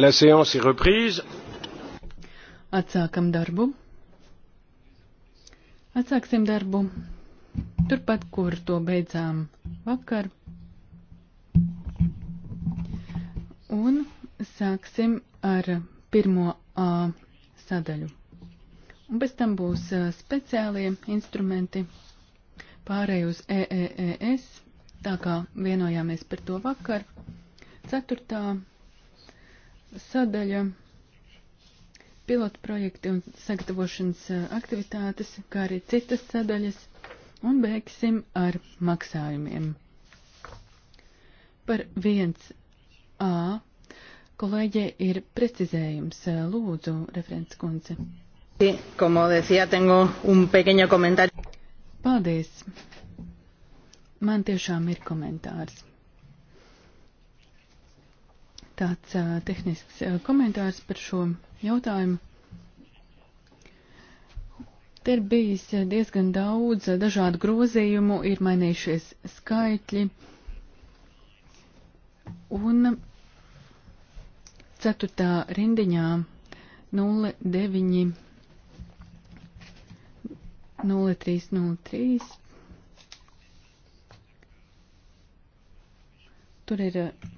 La séance est reprise. Atsākam darbu. Atsāksim darbu turpat, kur to beidzām vakar. Un sāksim ar pirmo A sadaļu. Un pēc tam būs speciālie instrumenti pārēj uz EEES, tā kā vienojāmies par to vakar. Ceturtā sadaļa pilotu projekti un sagatavošanas eh, aktivitātes, kā arī citas sadaļas, un beigsim ar maksājumiem. Par 1A kolēģe ir precizējums. Eh, Lūdzu, referents kundze. Paldies. Man tiešām ir komentārs tāds uh, tehnisks uh, komentārs par šo jautājumu. Te ir bijis diezgan daudz dažādu grozījumu, ir mainījušies skaitļi. Un ceturtā rindiņā 09 0303 tur ir uh,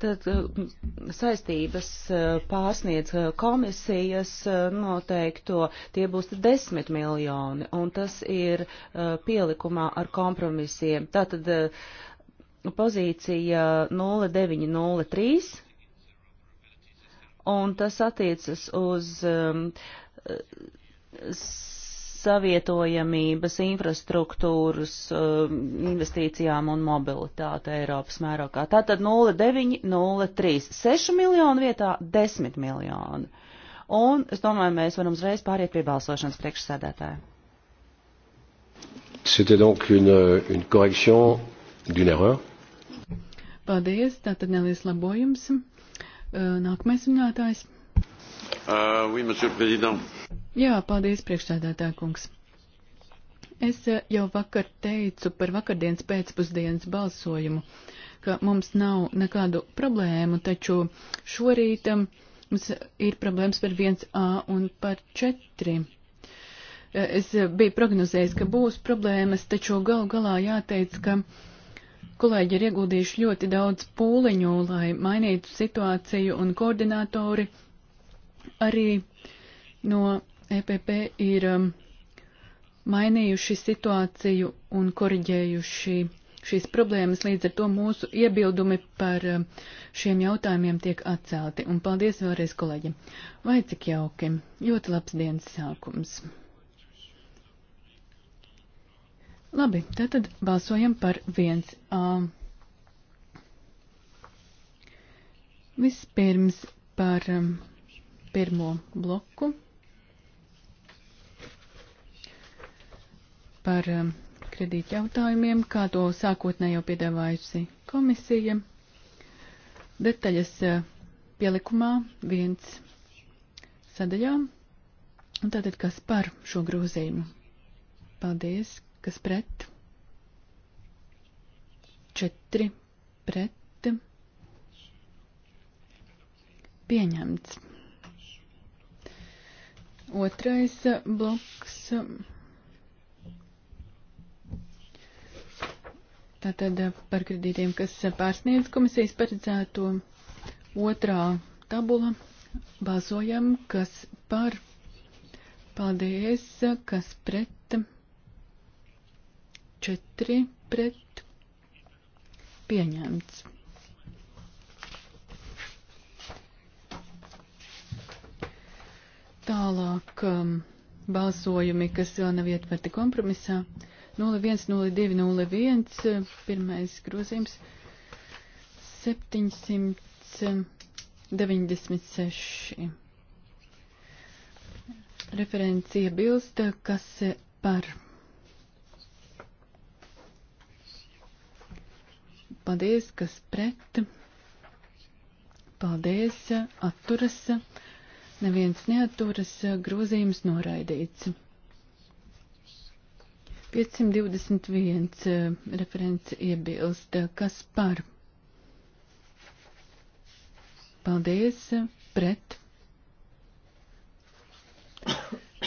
Tad mm, saistības eh, pārsniedz eh, komisijas eh, noteikto, tie būs 10 miljoni, un tas ir pielikumā ar kompromisiem. Tātad pozīcija 0903, un tas attiecas uz um, savietojamības infrastruktūras um, investīcijām un mobilitāte Eiropas mērokā. Tātad 0,903, 6 miljonu vietā 10 miljonu. Un es domāju, mēs varam uzreiz pāriet pie balsošanas priekšsēdētāja. C'était donc une, une correction d'une erreur. Paldies, tātad neliels labojums. Uh, nākamais runātājs. Uh, oui, monsieur le président. Jā, paldies, priekšsēdētā kungs. Es eh, jau vakar teicu par vakardienas pēcpusdienas balsojumu, ka mums nav nekādu problēmu, taču šorīt eh, mums ir problēmas par 1A un par 4. Eh, es biju prognozējis, ka būs problēmas, taču gal galā jāteic, ka kolēģi ir ieguldījuši ļoti daudz pūliņu, lai mainītu situāciju, un koordinātori arī no EPP ir um, mainījuši situāciju un koriģējuši šīs problēmas, līdz ar to mūsu iebildumi par um, šiem jautājumiem tiek atcelti. Un paldies vēlreiz kolēģim. Vai cik jauki, ļoti labs dienas sākums. Labi, tātad balsojam par viens. Uh, vispirms par um, pirmo bloku. par um, kredīt jautājumiem, kā to sākotnēji jau piedāvājusi komisija. Detaļas uh, pielikumā viens sadaļā. Un tātad, kas par šo grozījumu? Paldies, kas pret? Četri pret. Pieņemts. Otrais bloks Tātad eh, par kredītiem, kas pārsniedz komisijas paredzēto otrā tabula. Balsojam, kas par. Paldies, kas pret. Četri pret. Pieņemts. Tālāk um, balsojumi, kas vēl nav ietverti kompromisā. Uh, 010201, pirmais grozījums 796. Referencija bilst, kas par. Paldies, kas pret. Paldies, atturas. Neviens neaturas, grozījums noraidīts. 521 eh, referents iebilst. Eh, kas par? Paldies. Eh, pret.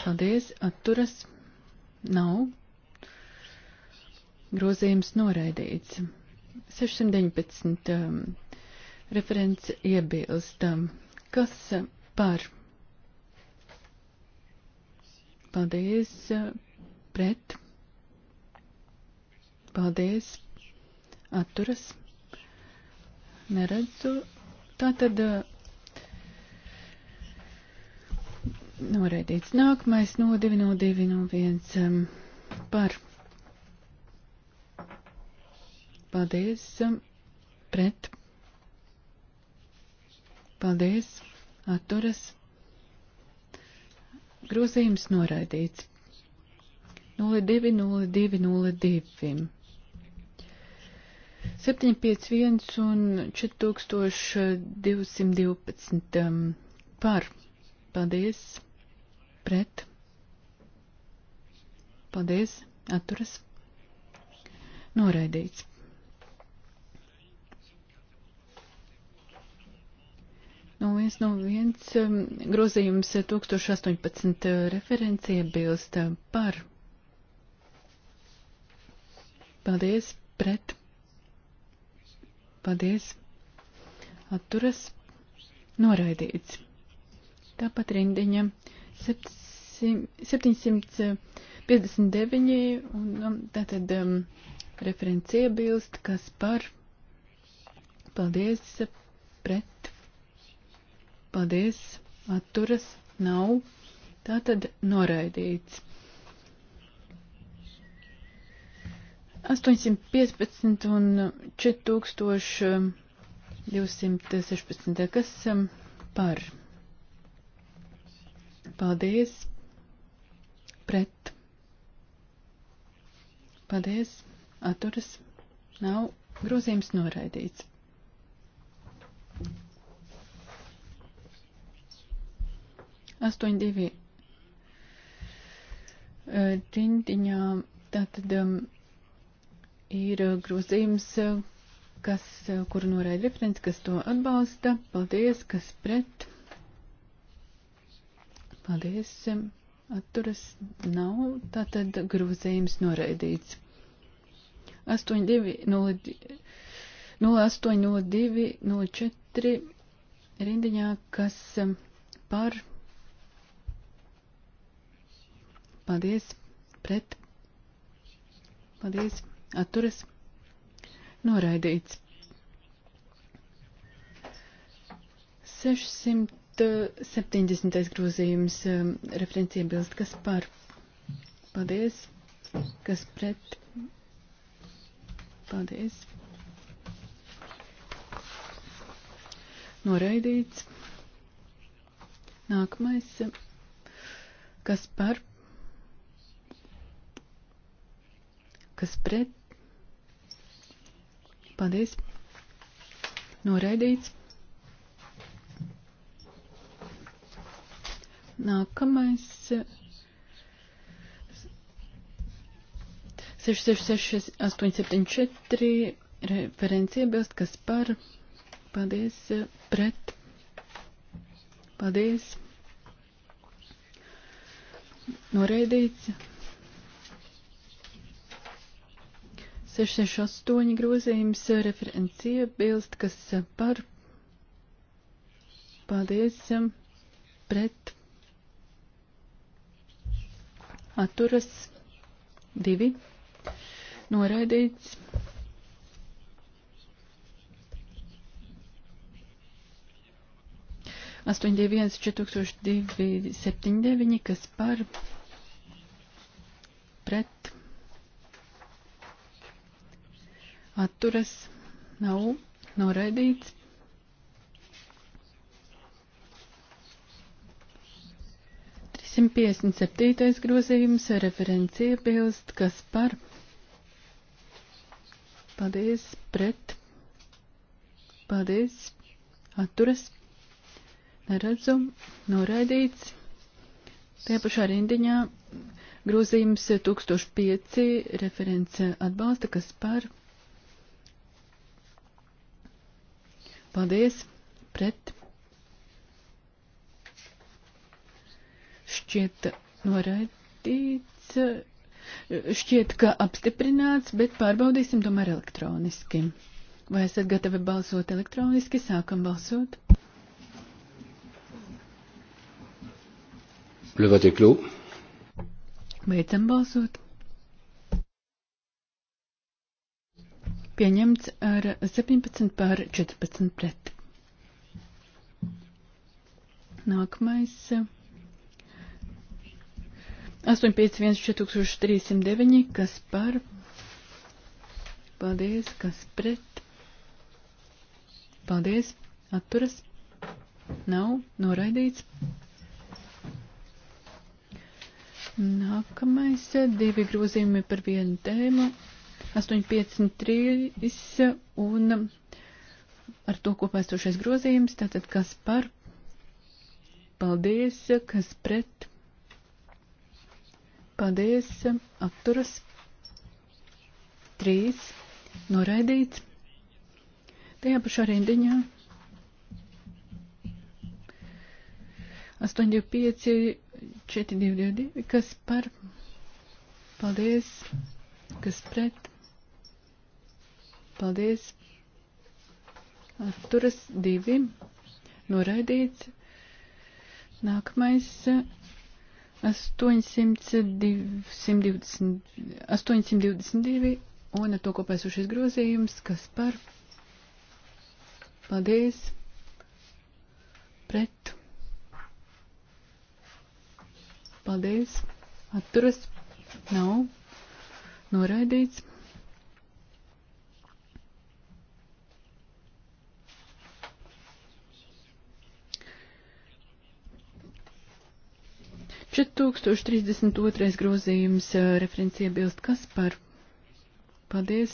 Paldies. Atturas. Nav. Grozījums noraidīts. 619 referents iebilst. Kas par? Paldies. Pret Paldies. Atturas. Neredzu. Tātad uh, noraidīts. Nākamais no 202 no 1 um, par. Paldies. Um, pret. Paldies. Atturas. Grozījums noraidīts. 020202. 751 un 4212 um, par. Paldies. Pret. Paldies. Atturas. Noraidīts. Nu, viens no viens um, grozījums 1018 referencija bilst par. Paldies. Pret. Paldies. Atturas. Noraidīts. Tāpat rindiņa 759 un um, tātad um, referents iebilst, kas par. Paldies. Pret. Paldies. Atturas. Nav. Tātad noraidīts. 815 un 4216. Kas um, par? Paldies. Pret. Paldies. Atturas. Nav. Grozījums noraidīts. 8-2 rindiņā. Uh, Tātad um, ir uh, grozījums, uh, kas, uh, kuru noraida referents, kas to atbalsta. Paldies, kas pret. Paldies, um, atturas nav. Tātad grozījums noraidīts. 080204 rindiņā, kas um, par. Paldies, pret. Paldies atturas noraidīts. 670. Eh, grozījums eh, referencija bilst, kas par. Paldies. Kas pret. Paldies. Noraidīts. Nākamais. Eh, kas par. Kas pret. Paldies. Noraidīts. Nākamais. 666, 874, referenci iebilst, kas par. Paldies, pret. Paldies. Noraidīts. 668 grozījums eh, referents iebilst, kas eh, par paldies eh, pret atturas divi noraidīts. Astoņi divi viens četrtūkstoši divi septiņi deviņi, kas par pret atturas nav noraidīts. Simt piecdesmit septītais grozījums referents iebilst, kas par paldies pret, paldies atturas, neredzu, noraidīts. Tajā pašā rindiņā grozījums 1005 referents atbalsta, kas par paldies. Paldies. Pret. Šķiet noraidīts. Šķiet, ka apstiprināts, bet pārbaudīsim tomēr elektroniski. Vai esat gatavi balsot elektroniski? Sākam balsot. Le vote est clos. Beidzam balsot. Pieņemts ar 17 pār 14 pret. Nākamais. 851 4309, kas par. Paldies, kas pret. Paldies, atturas. Nav noraidīts. Nākamais divi grozījumi par vienu tēmu. 853 un ar to kopā esošais grozījums, tātad kas par, paldies, kas pret, paldies, apturas, 3, noraidīts, tajā pašā rindiņā. 825, 422, kas par, paldies, kas pret, Paldies. Atturas divi. Noraidīts. Nākamais 820, 822 un ar to kopēsušies grozījums, kas par paldies pret paldies atturas nav noraidīts. 4032. grozījums referents iebilst kas par. Paldies.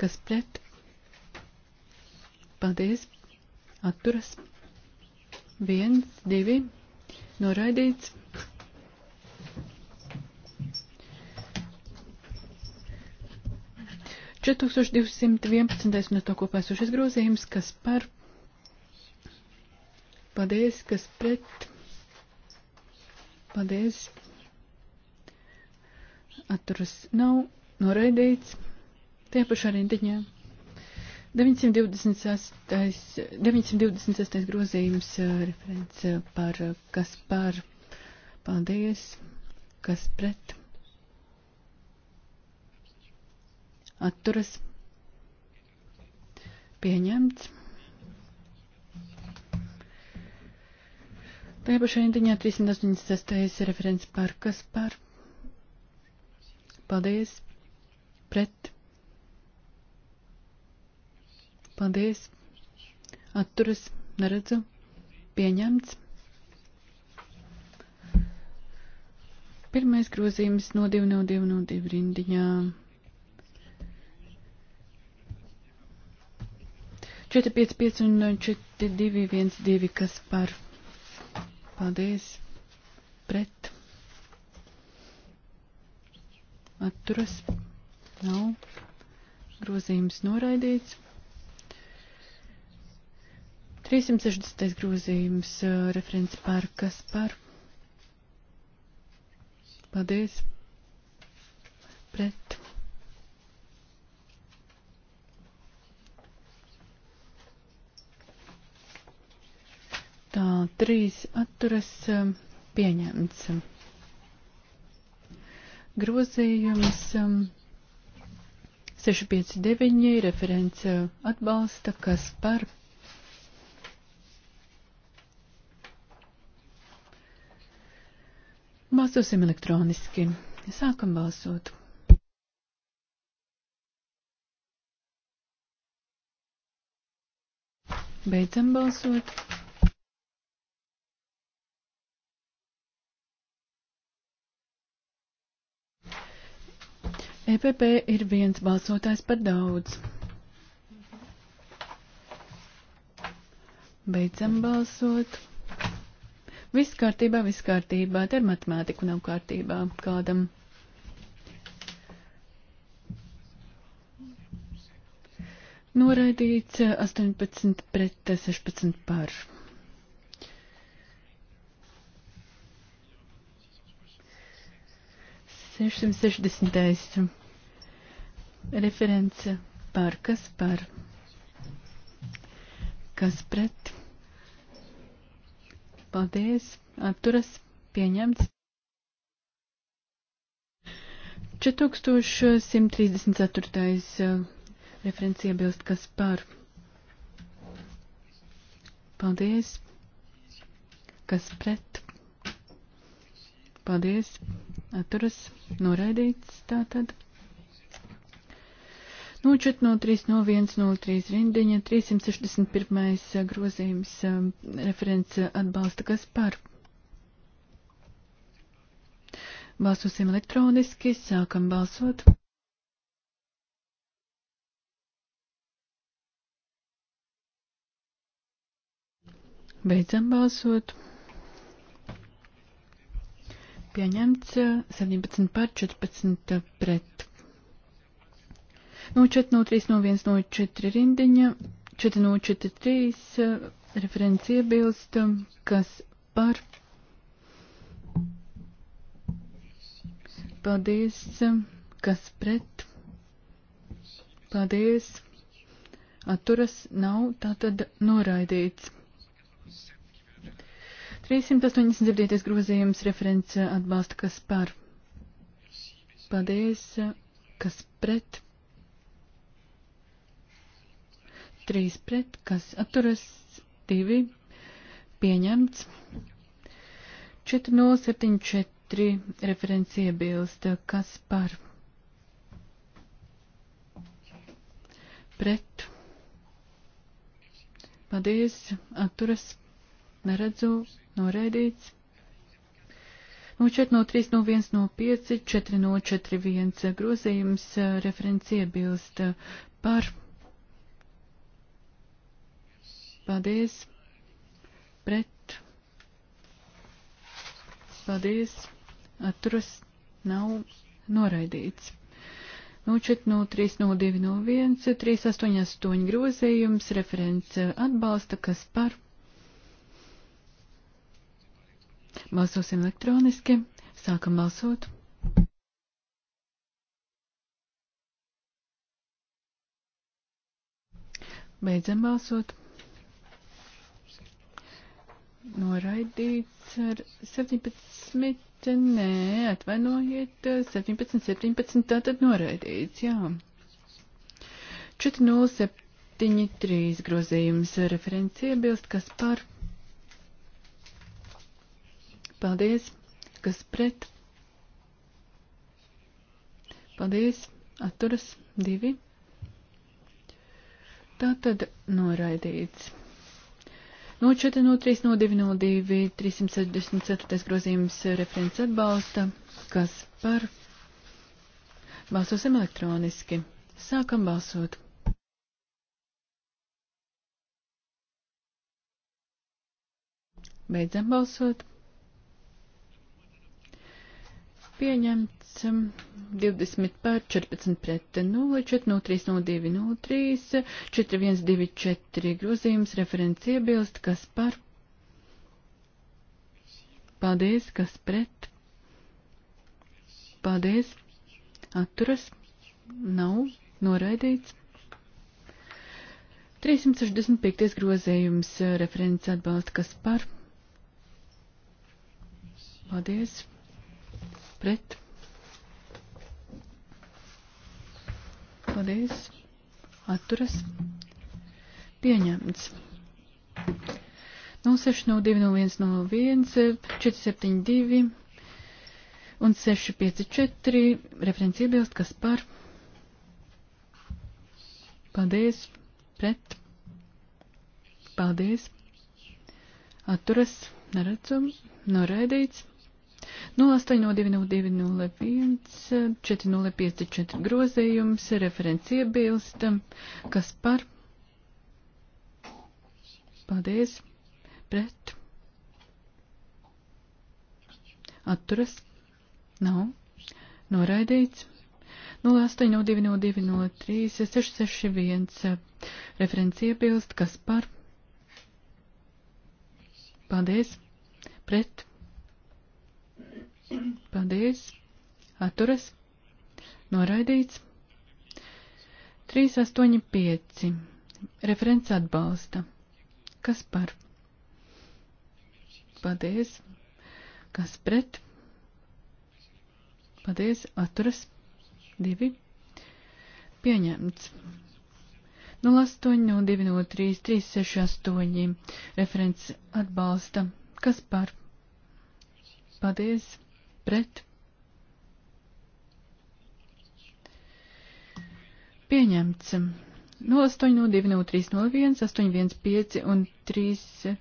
Kas pret? Paldies. Atturas. Viens, divi. Noraidīts. Šeit 1211. un to kopā esošais grozījums, kas par. Paldies, kas pret. Paldies. Atturas nav noraidīts. Tie pašā rindiņā. 926. 926. grozījums referents par kas par. Paldies. Kas pret. Atturas. Pieņemts. Tajā pašā indiņā 386. referents par kas par. Paldies. Pret. Paldies. Atturas. Neredzu. Pieņemts. Pirmais grozījums no 2202 rindiņā. 455 un 4212 kas par. Paldies. Pret. Atturas. Nav. Grozījums noraidīts. 360. grozījums referents par kas par. Paldies. Pret. 3 atturas um, pieņemts. Grozījums 659 um, referents uh, atbalsta, kas par Balsosim elektroniski. Sākam balsot. Beidzam balsot. EPP ir viens balsotājs par daudz. Beidzam balsot. Viss kārtībā, viss kārtībā. Te ir matemātika nav kārtībā kādam. Noraidīts 18 eh, pret 16 eh, pār. 660. Referents par kas par kas pret. Paldies. Atturas pieņemts. 4134. Referents iebilst kas par. Paldies. Kas pret. Paldies atturas noraidīts tātad. 04, 03, 01, 03 rindiņa, 361 eh, grozījums eh, referents eh, atbalsta, kas par. Balsosim elektroniski, sākam balsot. Beidzam balsot pieņemts 17 eh, par 14 eh, pret. No 4 no 3 no 1 no 4 rindiņa, 4 no 4 3 referents iebilst, eh, kas par. Paldies, kas pret. Paldies. Atturas nav tātad noraidīts. 389. grozījums referents atbalsta, kas par. Paldies, kas pret. 3 pret, kas atturas, 2 pieņemts. 4074 referents iebilst, kas par. Pret. Paldies, atturas, neredzu, noraidīts. 04, 03, 01, 05, 4041 grozījums referents iebilst par. Paldies. Pret. Paldies. Atturas nav noraidīts. 04030201, nu, 388 grozījums, referents atbalsta, kas par Balsosim elektroniski. Sākam balsot. Beidzam balsot. Noraidīts ar 17, nē, atvainojiet, 17, 17, tātad noraidīts, jā. 407, 3 grozījums referenci iebilst, kas par Paldies. Kas pret? Paldies. Atturas divi. Tā tad noraidīts. No 4, no 3, no 2, no 2, 364. grozījums referents atbalsta. Kas par? Balsosim elektroniski. Sākam balsot. Beidzam balsot pieņemts 20 um, pār 14 pret 0, 4, 0, 3, 0, 2, 0, 3, 4, 1, 2, 4 grozījums, referents iebilst, kas par. Paldies, kas pret. Paldies, atturas, nav, noraidīts. 365. grozējums referents atbalsta, kas par. Paldies pret. Paldies. Atturas. Pieņemts. 06020101, 472 un 654. Referents iebilst, kas par. Paldies. Pret. Paldies. Atturas. Neredzam. Noraidīts. 08.02.01, 4054 grozījums, referents iebilstam, kas par. Paldies. Pret. Atturas. Nav. Noraidīts. 08.02.02.0661. Referents iebilst, kas par. Paldies. Pret. Paldies. Atturas. Noraidīts. 385. Referents atbalsta. Kas par? Paldies. Kas pret? Paldies. Atturas. Divi. Pieņemts. 08, 203, 368. Referents atbalsta. Kas par? Paldies pret. Pieņemts 080201, 815 un 3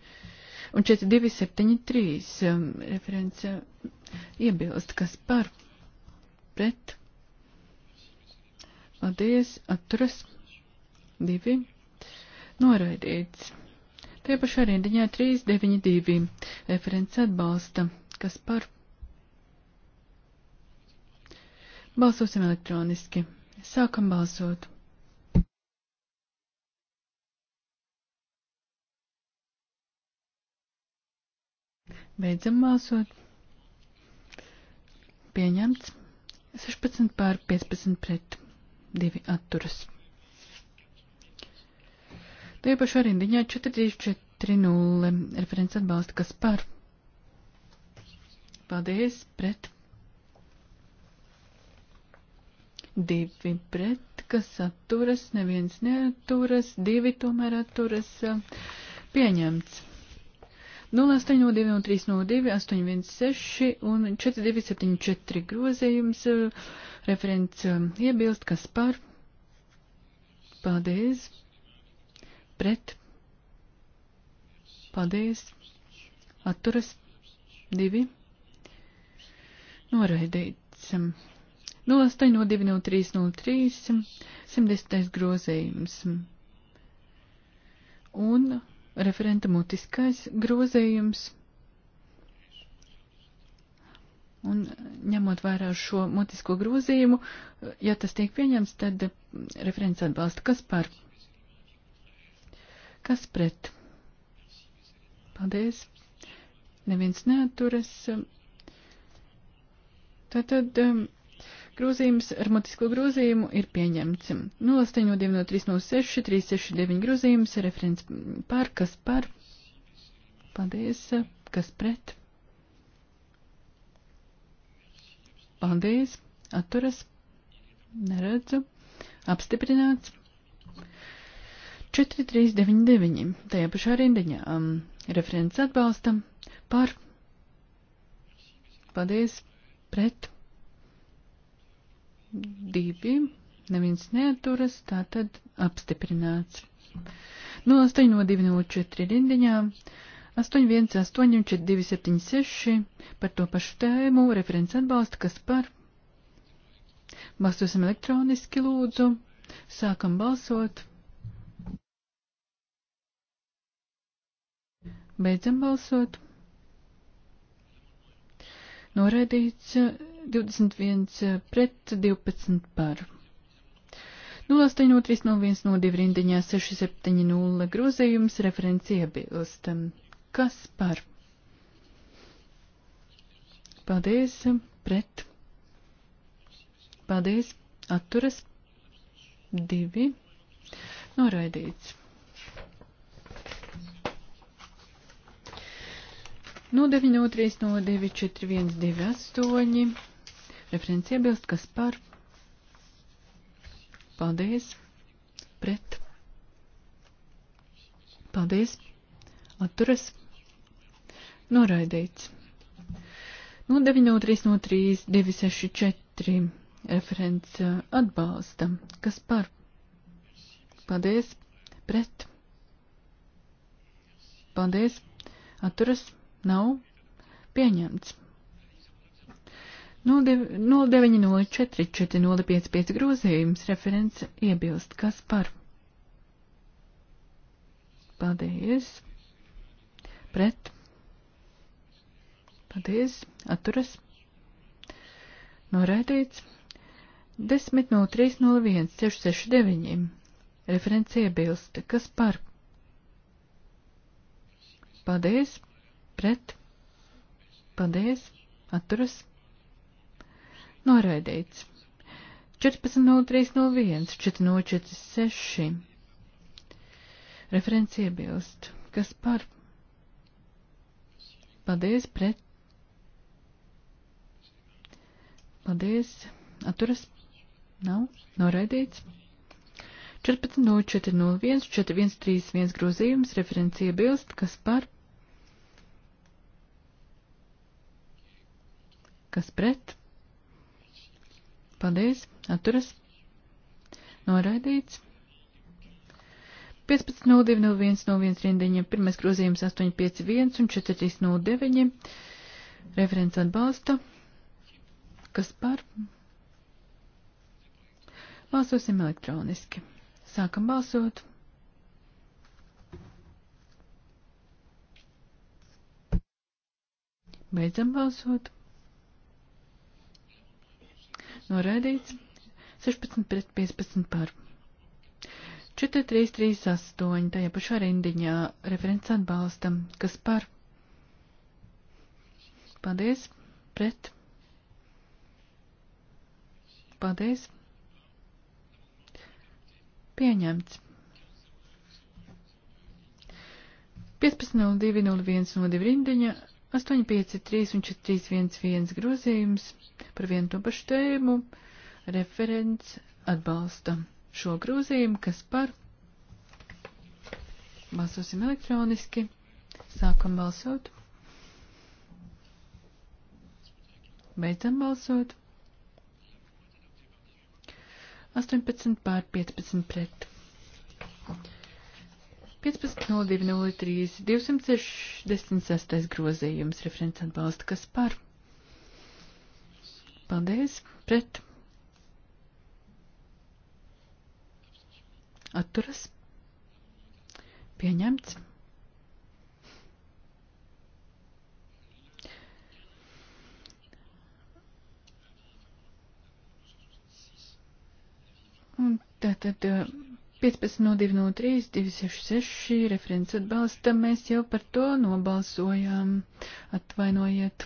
un 4273 um, referents uh, iebilst, kas par pret. Paldies, atturas divi noraidīts. Tie pašā rindiņā 392 referents atbalsta, kas par Balsosim elektroniski. Sākam balsot. Beidzam balsot. Pieņemts 16 pār 15 pret 2 atturas. Tiepaši arī diņā 4340 referents atbalsta, kas par. Paldies pret divi pret, kas atturas, neviens neaturas, divi tomēr atturas, pieņemts. 0,82 un 3,02, 8,16 un 4,274 grozījums, referents um, iebilst, kas par, paldies, pret, paldies, atturas, divi, noraidīts. Um, 08020303 110. grozījums. Un referenta mutiskais grozījums. Un ņemot vērā šo mutisko grozījumu, ja tas tiek pieņemts, tad referents atbalsta. Kas par? Kas pret? Paldies. Neviens neaturas. Tātad um, grozījums ar mutisko grozījumu ir pieņemts. 08, 203, 06, 369 grozījums, referents par, kas par, paldies, kas pret, paldies, atturas, neredzu, apstiprināts. 4399, tajā pašā rindiņā, um, referents atbalsta, par, paldies, pret, divi, neviens neaturas, tā tad apstiprināts. No 8 no 204 rindiņā, 818 un 4276 par to pašu tēmu, referents atbalsta, kas par. Balsosim elektroniski lūdzu, sākam balsot. Beidzam balsot. Noraidīts 21 eh, pret 12 par. 0831 no divrindiņā 670 grozījums referents iebilst. Kas par? Paldies, pret. Paldies, atturas. Divi. Noraidīts. No 9.3 no 9.4.1.2.8. Referents iebilst, kas par. Paldies. Pret. Paldies. Atturas. Noraidīts. No 9.3 no 3, 264 referents uh, atbalsta. Kas par? Paldies. Pret. Paldies. Atturas. Nav pieņemts. 09044055 grozījums referents iebilst, kas par. Paldies. Pret. Paldies. Atturas. Noraidīts. 10.03.01.669. Referents iebilst. Kas par? Paldies. Pret. Paldies. Atturas. Noraidīts. 14.03.01, 4.46. Referents iebilst. Kas par? Paldies pret. Paldies. Atturas. Nav. Noraidīts. 14.04.01, 4.131 grozījums. Referents iebilst. Kas par? Kas pret? Paldies. Atturas. Noraidīts. 15.02.01.01 rindiņa, pirmais grozījums 851 un 4309, referents atbalsta, kas par? Balsosim elektroniski. Sākam balsot. Beidzam balsot. Noraidīts. 16 pret 15 par. 4, 3, 3, 8. Tajā pašā rindiņā referents atbalstam. Kas par? Paldies. Pret. Paldies. Pieņemts. 15.02.01 no divi rindiņa 853 un 4311 grozījums par vienu to pašu tēmu referents atbalsta šo grozījumu, kas par balsosim elektroniski, sākam balsot, beidzam balsot, 18 pār 15 pret. 15.02.03. 266. grozījums referents atbalsta, kas par. Paldies. Pret. Atturas. Pieņemts. Un tātad. Uh, 15 no 2 no 3, 266 referents atbalsta, mēs jau par to nobalsojām. Atvainojiet,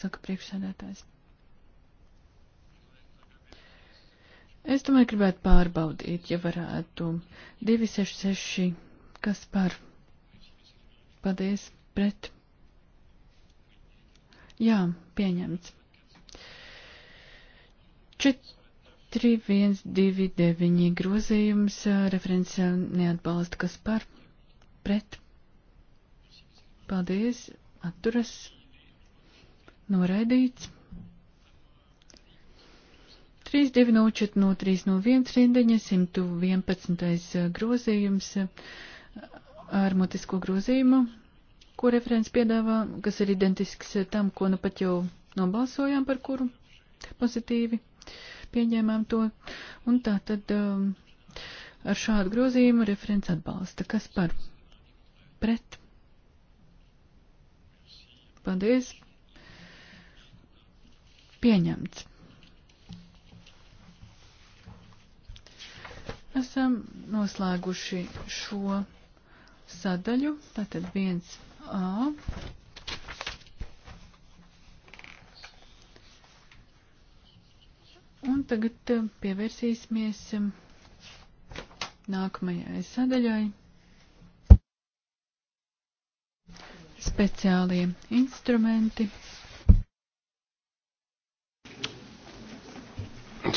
saka priekšsēdētājs. Es domāju, gribētu pārbaudīt, ja varētu. 266, kas par? Paldies, pret. Jā, pieņemts. 4. 3129 grozījums referents neatbalsta, kas par pret. Paldies, atturas, noraidīts. 3204 no 301 rindiņa 111 grozījums ar motisko grozījumu, ko referents piedāvā, kas ir identisks tam, ko nu pat jau nobalsojām par kuru pozitīvi. Uh, pieņēmām to. Un tā tad um, ar šādu grozījumu referents atbalsta. Kas par pret? Paldies. Pieņemts. Esam noslēguši šo sadaļu, tātad 1A Un tagad eh, pievērsīsimies eh, nākamajai sadaļai. Speciālie instrumenti.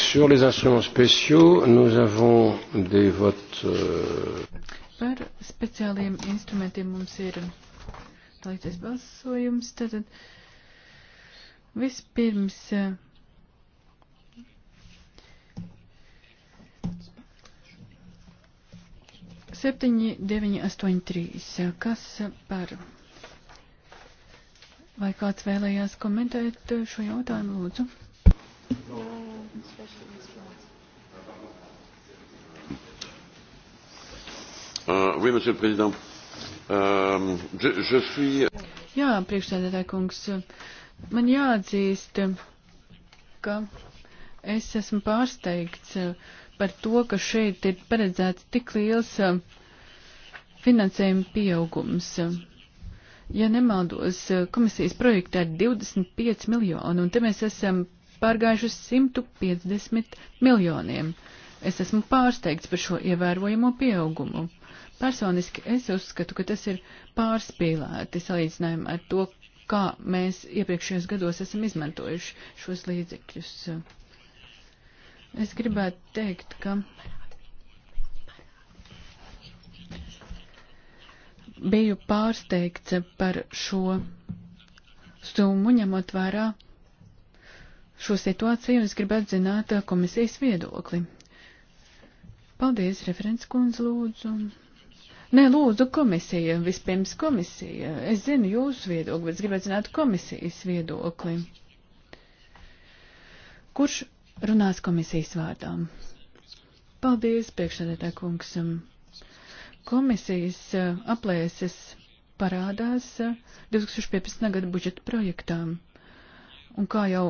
Sur les instruments spéciaux, nous avons des votes. Euh... Par speciāliem instrumentiem mums ir dalīties balsojums. Tātad vispirms eh, 7983. Kas par? Vai kāds vēlējās komentēt šo jautājumu, lūdzu? Uh, oui, monsieur le président. Uh, je, je suis... Jā, priekšsēdētāj kungs, man jāatzīst, ka es esmu pārsteigts. Uh, par to, ka šeit ir paredzēts tik liels finansējuma pieaugums. Ja nemaldos, komisijas projektā ir 25 miljoni, un te mēs esam pārgājuši uz 150 miljoniem. Es esmu pārsteigts par šo ievērojamo pieaugumu. Personiski es uzskatu, ka tas ir pārspīlēti salīdzinājumā ar to, kā mēs iepriekšējos gados esam izmantojuši šos līdzekļus. Es gribētu teikt, ka biju pārsteigts par šo summu, ņemot vērā šo situāciju, un es gribētu zināt komisijas viedokli. Paldies, referents kundze, lūdzu. Nē, lūdzu, komisija, vispirms komisija. Es zinu jūsu viedokli, bet es gribētu zināt komisijas viedokli. Kurš runās komisijas vārdām. Paldies, priekšsēdētā kungs. Komisijas eh, aplēses parādās 2015. Eh, gada budžeta projektām. Un kā jau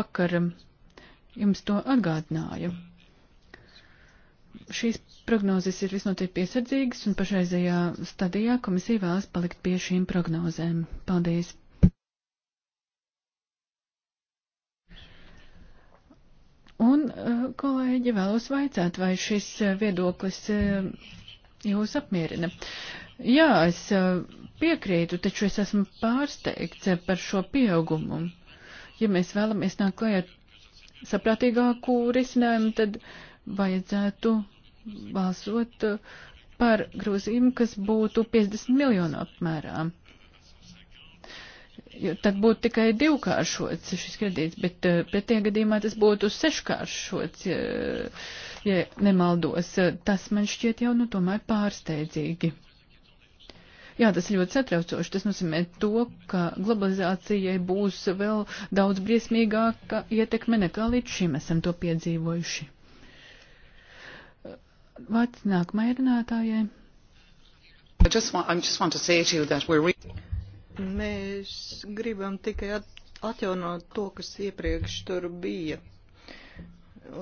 vakar eh, jums to atgādināju, šīs prognozes ir visnotiek piesardzīgas un pašreizējā stadijā komisija vēlas palikt pie šīm prognozēm. Paldies! kolēģi, vēlos vaicāt, vai šis eh, viedoklis eh, jūs apmierina. Jā, es eh, piekrītu, taču es esmu pārsteigts par šo pieaugumu. Ja mēs vēlamies nākt klajā saprātīgāku risinājumu, tad vajadzētu balsot par grozījumu, kas būtu 50 miljonu apmērā jo tad būtu tikai divkāršots šis kredīts, bet eh, pretējā gadījumā tas būtu seškāršots, ja, ja nemaldos. Tas man šķiet jau nu tomēr pārsteidzīgi. Jā, tas ir ļoti satraucoši. Tas nozīmē to, ka globalizācijai būs vēl daudz briesmīgāka ietekme nekā līdz šim esam to piedzīvojuši. Vārds nākamajai runātājai. I just want, I just want to say to you that we're Mēs gribam tikai atjaunot to, kas iepriekš tur bija,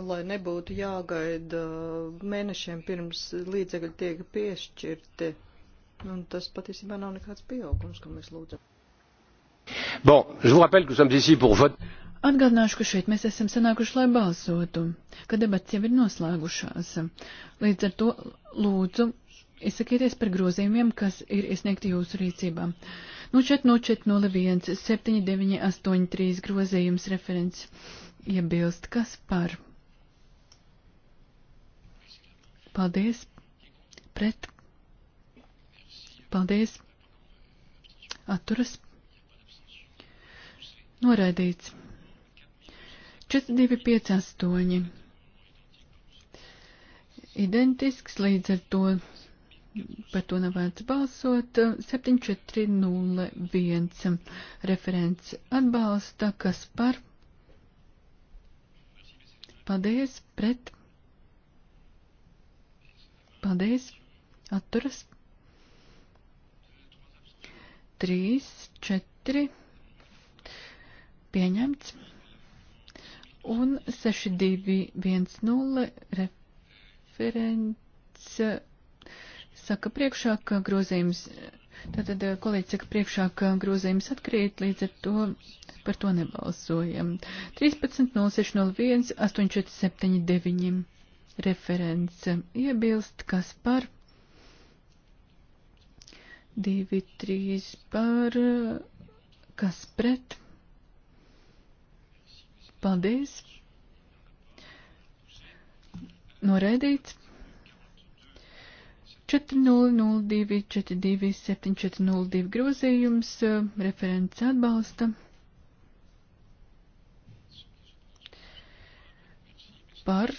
lai nebūtu jāgaida mēnešiem pirms līdzekļi tiek piešķirti. Un tas patiesībā nav nekāds pieaugums, ko mēs lūdzam. Bon, je vous rappelle que nous sommes ici pour vote. Atgādināšu, ka šeit mēs esam sanākuši, lai balsotu, ka debats jau ir noslēgušās. Līdz ar to lūdzu izsakieties par grozījumiem, kas ir iesniegti jūsu rīcībā. 0401 7983 grozījums referents iebilst. Kas par? Paldies. Pret. Paldies. Atturas. Noraidīts. 4258. Identisks līdz ar to par to nav vērts balsot. 7401 referents atbalsta, kas par. Paldies, pret. Paldies, atturas. 3, 4. Pieņemts. Un 6210 referents saka priekšā, ka grozījums, tātad eh, kolēģis saka priekšā, ka grozījums atkrīt, līdz ar to par to nebalsojam. 13.06.01, 8.479 referents iebilst, kas par 2, 3 par, kas pret. Paldies! Noraidīts. 4002, 42, 7402 grozījums, eh, referents atbalsta. Par,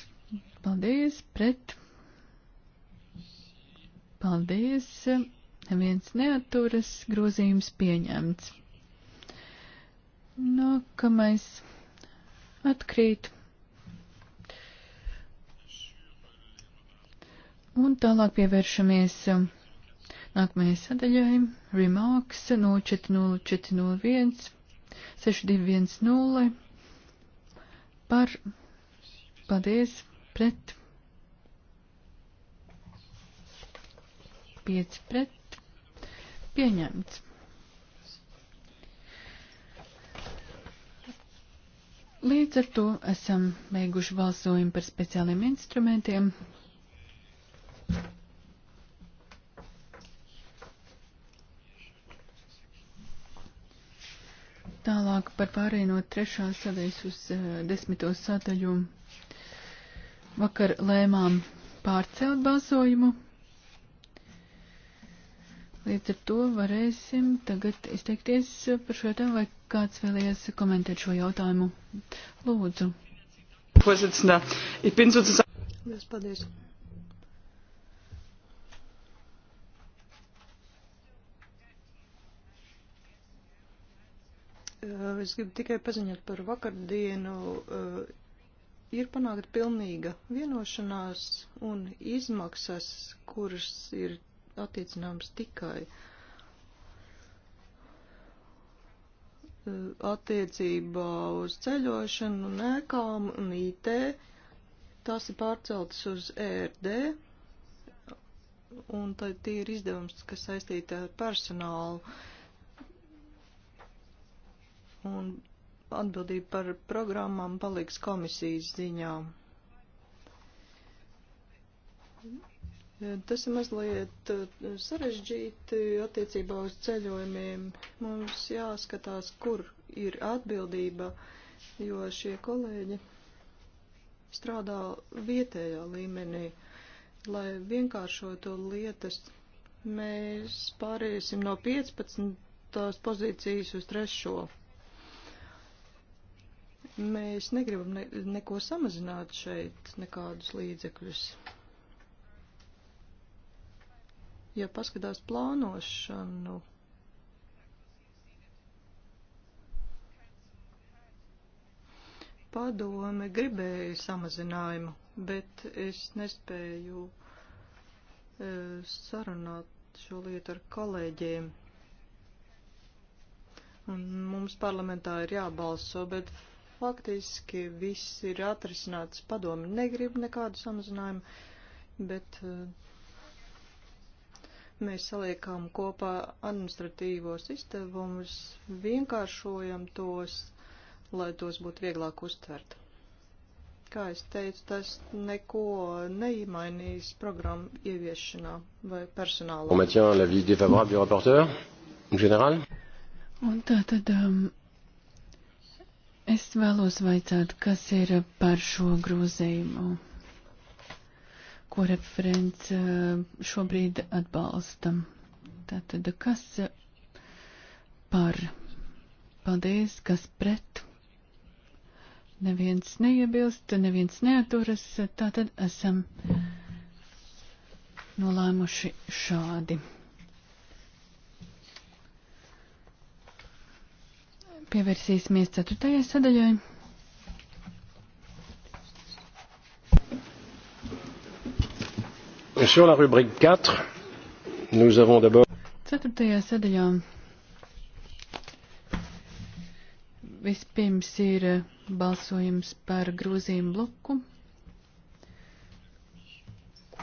paldies, pret, paldies, neviens neaturas, grozījums pieņemts. Nākamais atkrīt. Un tālāk pievēršamies um, nākamajai sadaļai. Remarks 040401 6210 par paldies pret 5 pret pieņemts. Līdz ar to esam beiguši balsojumu par speciāliem instrumentiem. Tālāk par pārēju no trešās sadaļas uz eh, desmito sadaļu. Vakar lēmām pārcelt balsojumu. Līdz ar to varēsim tagad izteikties par šo jautājumu, vai kāds vēlējies komentēt šo jautājumu. Lūdzu. Paldies. Eh, es gribu tikai paziņot par vakardienu. Eh, ir panākta pilnīga vienošanās un izmaksas, kuras ir attiecināmas tikai eh, attiecībā uz ceļošanu un ēkām un IT. Tās ir pārceltas uz ERD un tad tie ir izdevums, kas saistīta ar personālu. Uh, un atbildība par programmām paliks komisijas ziņā. Tas ir mazliet uh, sarežģīti attiecībā uz ceļojumiem. Mums jāskatās, kur ir atbildība, jo šie kolēģi strādā vietējā līmenī, lai vienkāršotu lietas. Mēs pāriesim no 15. pozīcijas uz 3. Mēs negribam ne, neko samazināt šeit, nekādus līdzekļus. Ja paskatās plānošanu, padome gribēja samazinājumu, bet es nespēju e, sarunāt šo lietu ar kolēģiem. Un mums parlamentā ir jābalso, bet faktiski viss ir atrisināts padomi. Negrib nekādu samazinājumu, bet eh, mēs saliekām kopā administratīvos izdevumus, vienkāršojam tos, lai tos būtu vieglāk uztvert. Kā es teicu, tas neko neimainīs programmu ieviešanā vai personālā. Un tā tad um, Es vēlos vaicāt, kas ir par šo grozījumu, ko referents eh, šobrīd atbalsta. Tātad, kas par? Paldies, kas pret? Neviens neiebilst, neviens neaturas, tātad esam nolēmuši šādi. Pievērsīsimies ceturtajai sadaļai. Sur la rubrique 4, nous avons d'abord. Ceturtajā sadaļā vispirms ir eh, balsojums par grozījumu bloku,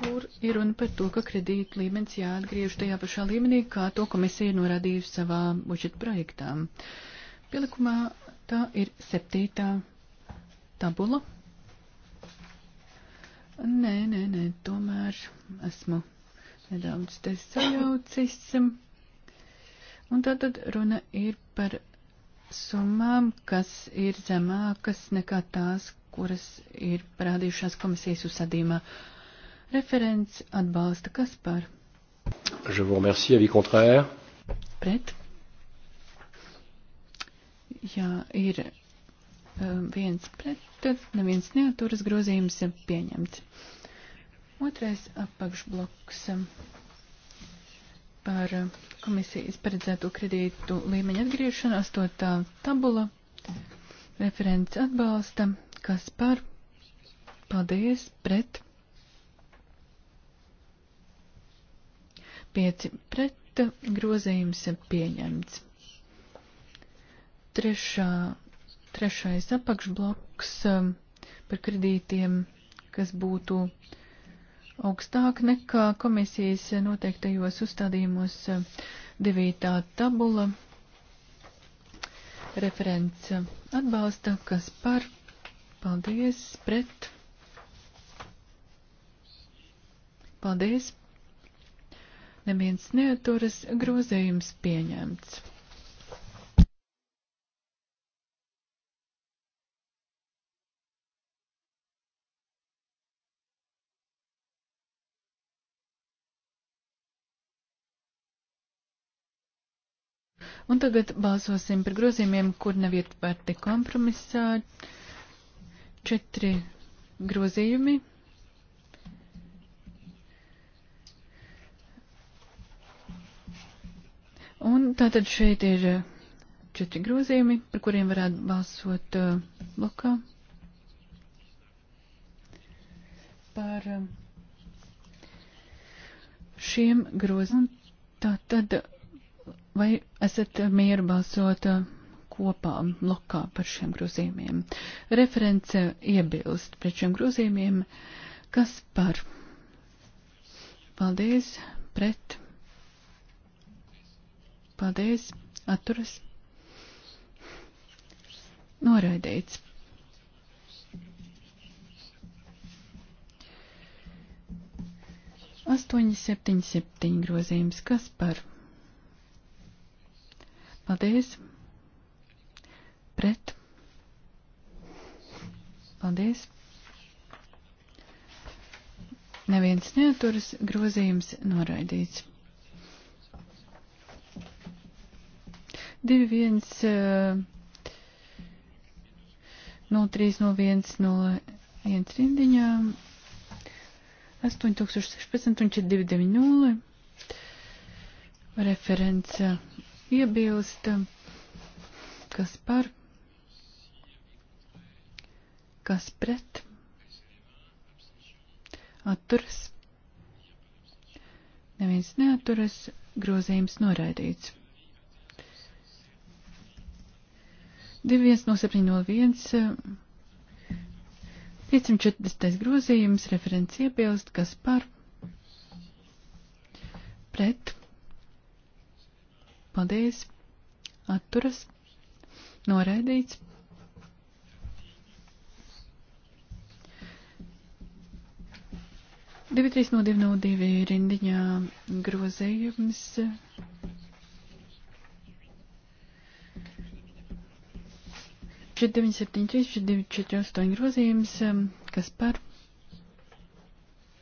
kur ir runa par to, ka kredīt līmenis jāatgriež tajā pašā līmenī, kā to komisija norādījusi savā budžeta projektām. Uh, Pielikumā tā ir septītā tabula. Nē, nē, nē, tomēr esmu nedaudz te sajaucis. Un tātad runa ir par summām, kas ir zemākas nekā tās, kuras ir parādījušās komisijas uzsadījumā. Referents atbalsta Kaspar. Je vous remercie, avis contraire. Pret. Jā, ir um, viens pret, tad neviens neaturas grozījums pieņemts. Otrais apakšbloks um, par um, komisijas paredzēto kredītu līmeņa atgriešanu, astotā tabula, referents atbalsta, kas par, paldies, pret, pieci pret, grozījums pieņemts. Trešā, trešais apakšbloks um, par kredītiem, kas būtu augstāk nekā komisijas noteiktajos uzstādījumos um, devītā tabula. Referents um, atbalsta, kas par. Paldies, pret. Paldies. Neviens neaturas grozējums pieņemts. Un tagad balsosim par grozījumiem, kur nav ietverti kompromisā. Četri grozījumi. Un tātad šeit ir eh, četri grozījumi, par kuriem varētu balsot eh, blokā. Par eh, šiem grozījumiem. Tātad Vai esat mieru balsot uh, kopā blokā par šiem grozījumiem? Reference iebilst pret šiem grozījumiem. Kas par? Paldies. Pret. Paldies. Atturas. Noraidīts. Astoņi septiņi septiņi grozījums. Kas par? Paldies. Pret. Paldies. Neviens neaturas grozījums noraidīts. 2-1-03-01-01 eh, rindiņā 8016 un 490 referents eh, iebilst, kas par, kas pret, atturas, neviens neaturas, grozījums noraidīts. 21 no 701, 540 grozījums, referents iebilst, kas par, pret, Paldies. Atturas. Noraidīts. Divi, trīs no divi no divi rindiņā grozējums. Šeit 973, šeit 248 grozījums, kas par.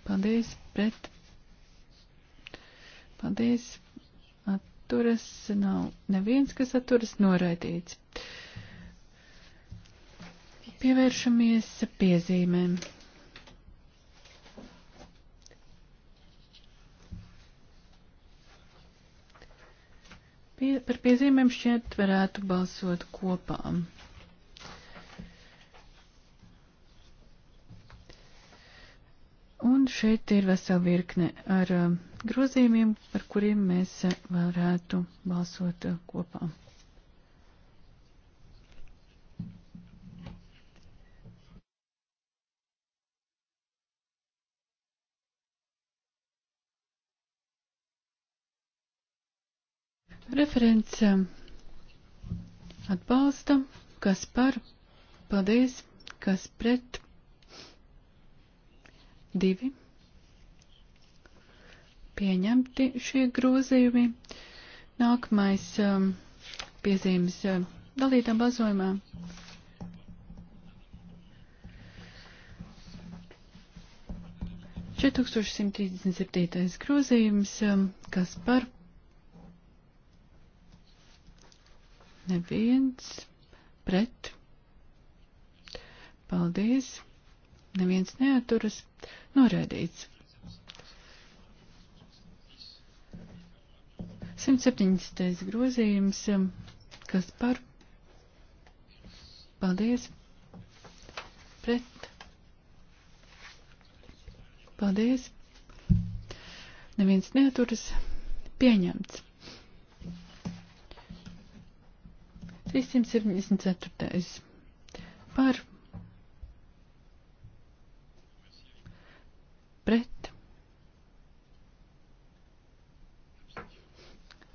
Paldies, pret. Paldies, atturas, nav neviens, kas atturas, noraidīts. Pievēršamies piezīmēm. Pie, par piezīmēm šķiet varētu balsot kopām. Un šeit ir vesela virkne ar um, grozījumiem, par kuriem mēs uh, varētu balsot uh, kopā. Referents um, atbalsta, kas par, paldies, kas pret Divi. Pieņemti šie grozījumi. Nākamais um, piezīmes um, dalītā bazojumā. Šeit 1137. grozījums, um, kas par neviens pret. Paldies! neviens neaturas, noraidīts. 170. grozījums, um, kas par paldies pret paldies neviens neaturas pieņemts. 374. par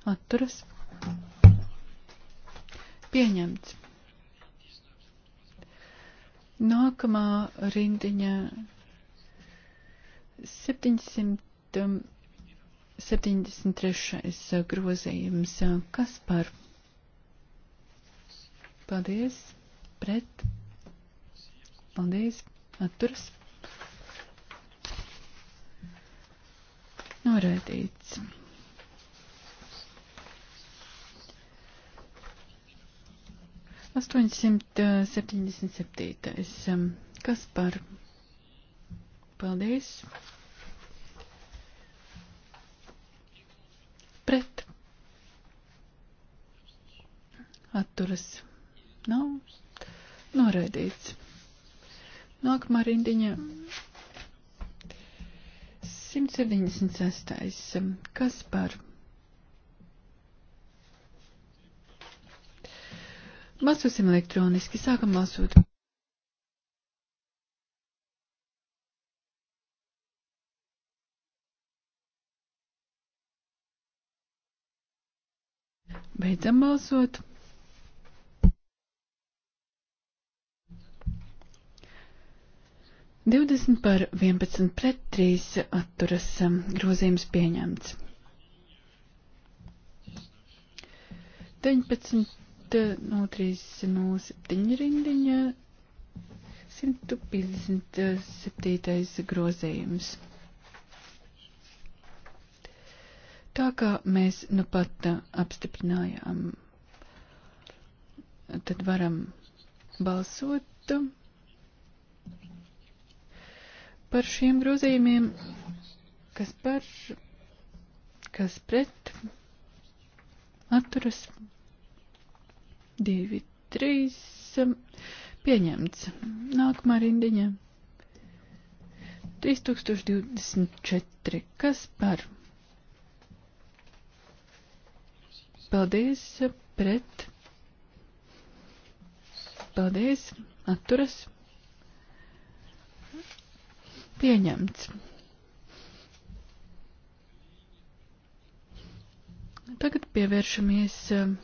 atturas pieņemts. Nākamā rindiņa 773. grozījums. Kas par? Paldies. Pret. Paldies. Atturas. Noraidīts. 877. Kas par? Paldies. Pret. Atturas. Nav. Nu, noraidīts. Nākamā rindiņa. 176. Kas par? Balsosim elektroniski. Sākam balsot. Beidzam balsot. Divdesmit par vienpadsmit pret trīs atturas um, grozījums pieņemts. Deviņpadsmit 0307 eh, rindiņa 157. Eh, grozījums. Tā kā mēs nu pat eh, apstiprinājām, tad varam balsot par šiem grozījumiem, kas par, kas pret, atturas 2, 3. Um, pieņemts. Nākamā rindiņa. 3024. Kas par? Paldies pret. Paldies. Atturas. Pieņemts. Tagad pievēršamies um,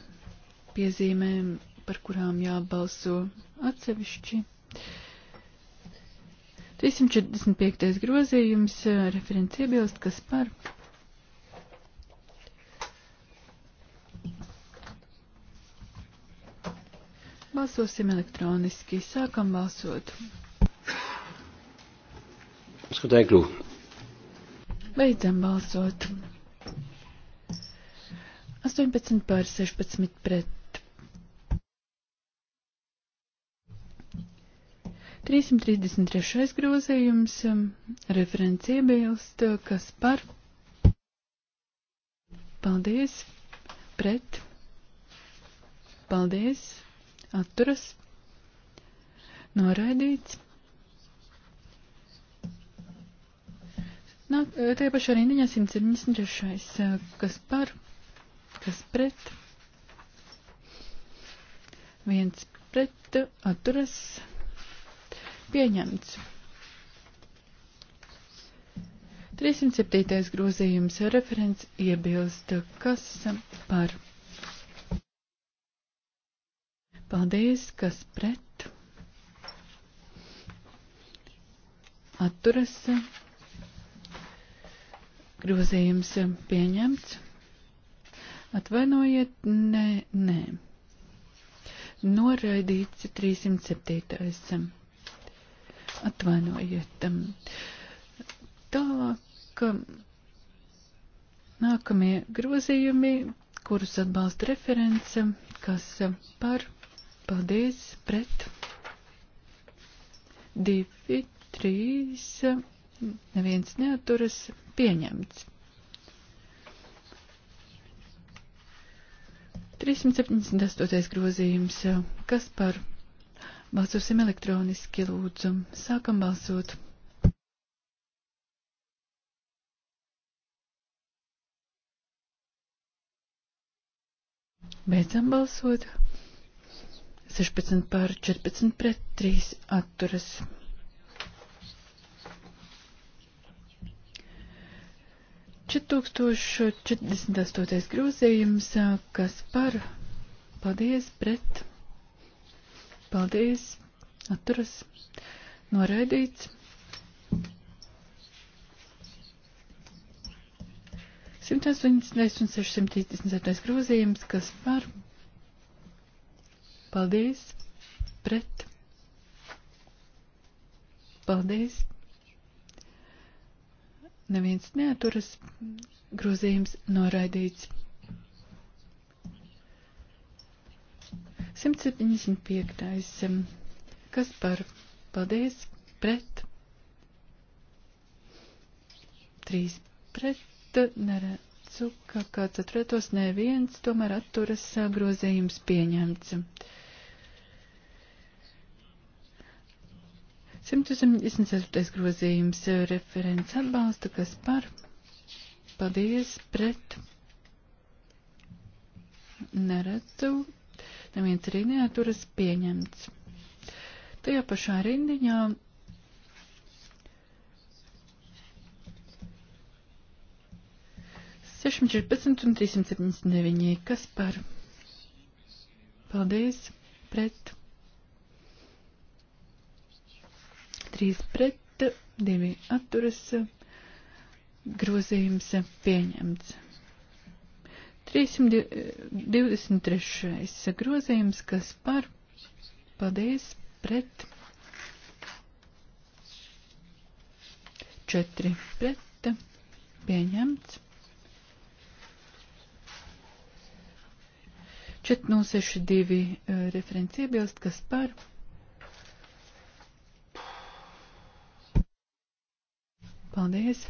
piezīmēm, par kurām jābalso atsevišķi. 345. grozījums eh, referents iebilst, kas par Balsosim elektroniski. Sākam balsot. Skatāju kļū. Beidzam balsot. 18 pār 16 pret. 333. grozījums um, referents iebilst, uh, kas par paldies, pret, paldies, atturas, noraidīts. Nāk, tajā pašā rindiņā 173. kas par, kas pret, viens pret, atturas, noraidīts Pieņemts. 307. grozījums referents iebilst, kas par. Paldies, kas pret. Atturas. Grozījums pieņemts. Atvainojiet, nē, nē. Noraidīts 307. Atvainojiet. Tālāk nākamie grozījumi, kurus atbalsta reference, kas par, paldies, pret, divi, trīs, neviens neaturas, pieņemts. 378. grozījums, kas par Balsosim elektroniski, lūdzu. Sākam balsot. Beidzam balsot. 16 pār 14 pret 3 atturas. Četūkstošu 48. grozījums, kas par paldies pret Paldies. Atturas. Noraidīts. 180 un 637 grozījums, kas par paldies, pret, paldies. Neviens neaturas, grozījums noraidīts. 175. Kas par? Paldies. Pret. Trīs pret. Neredzu, ka kāds atturētos neviens, tomēr atturas grozījums pieņemts. 174. grozījums referents atbalsta, kas par? Paldies. Pret. Neredzu, neviens arī neaturas pieņemts. Tajā pašā rindiņā Sešim četrpadsmit un trīsim septiņdesmit deviņi. Kas par? Paldies. Pret. Trīs pret, divi atturas. Grozījums pieņemts. 323. Eh, grozījums, kas par paldies pret 4 pret pieņemts. 4062 uh, eh, referents iebilst, kas par paldies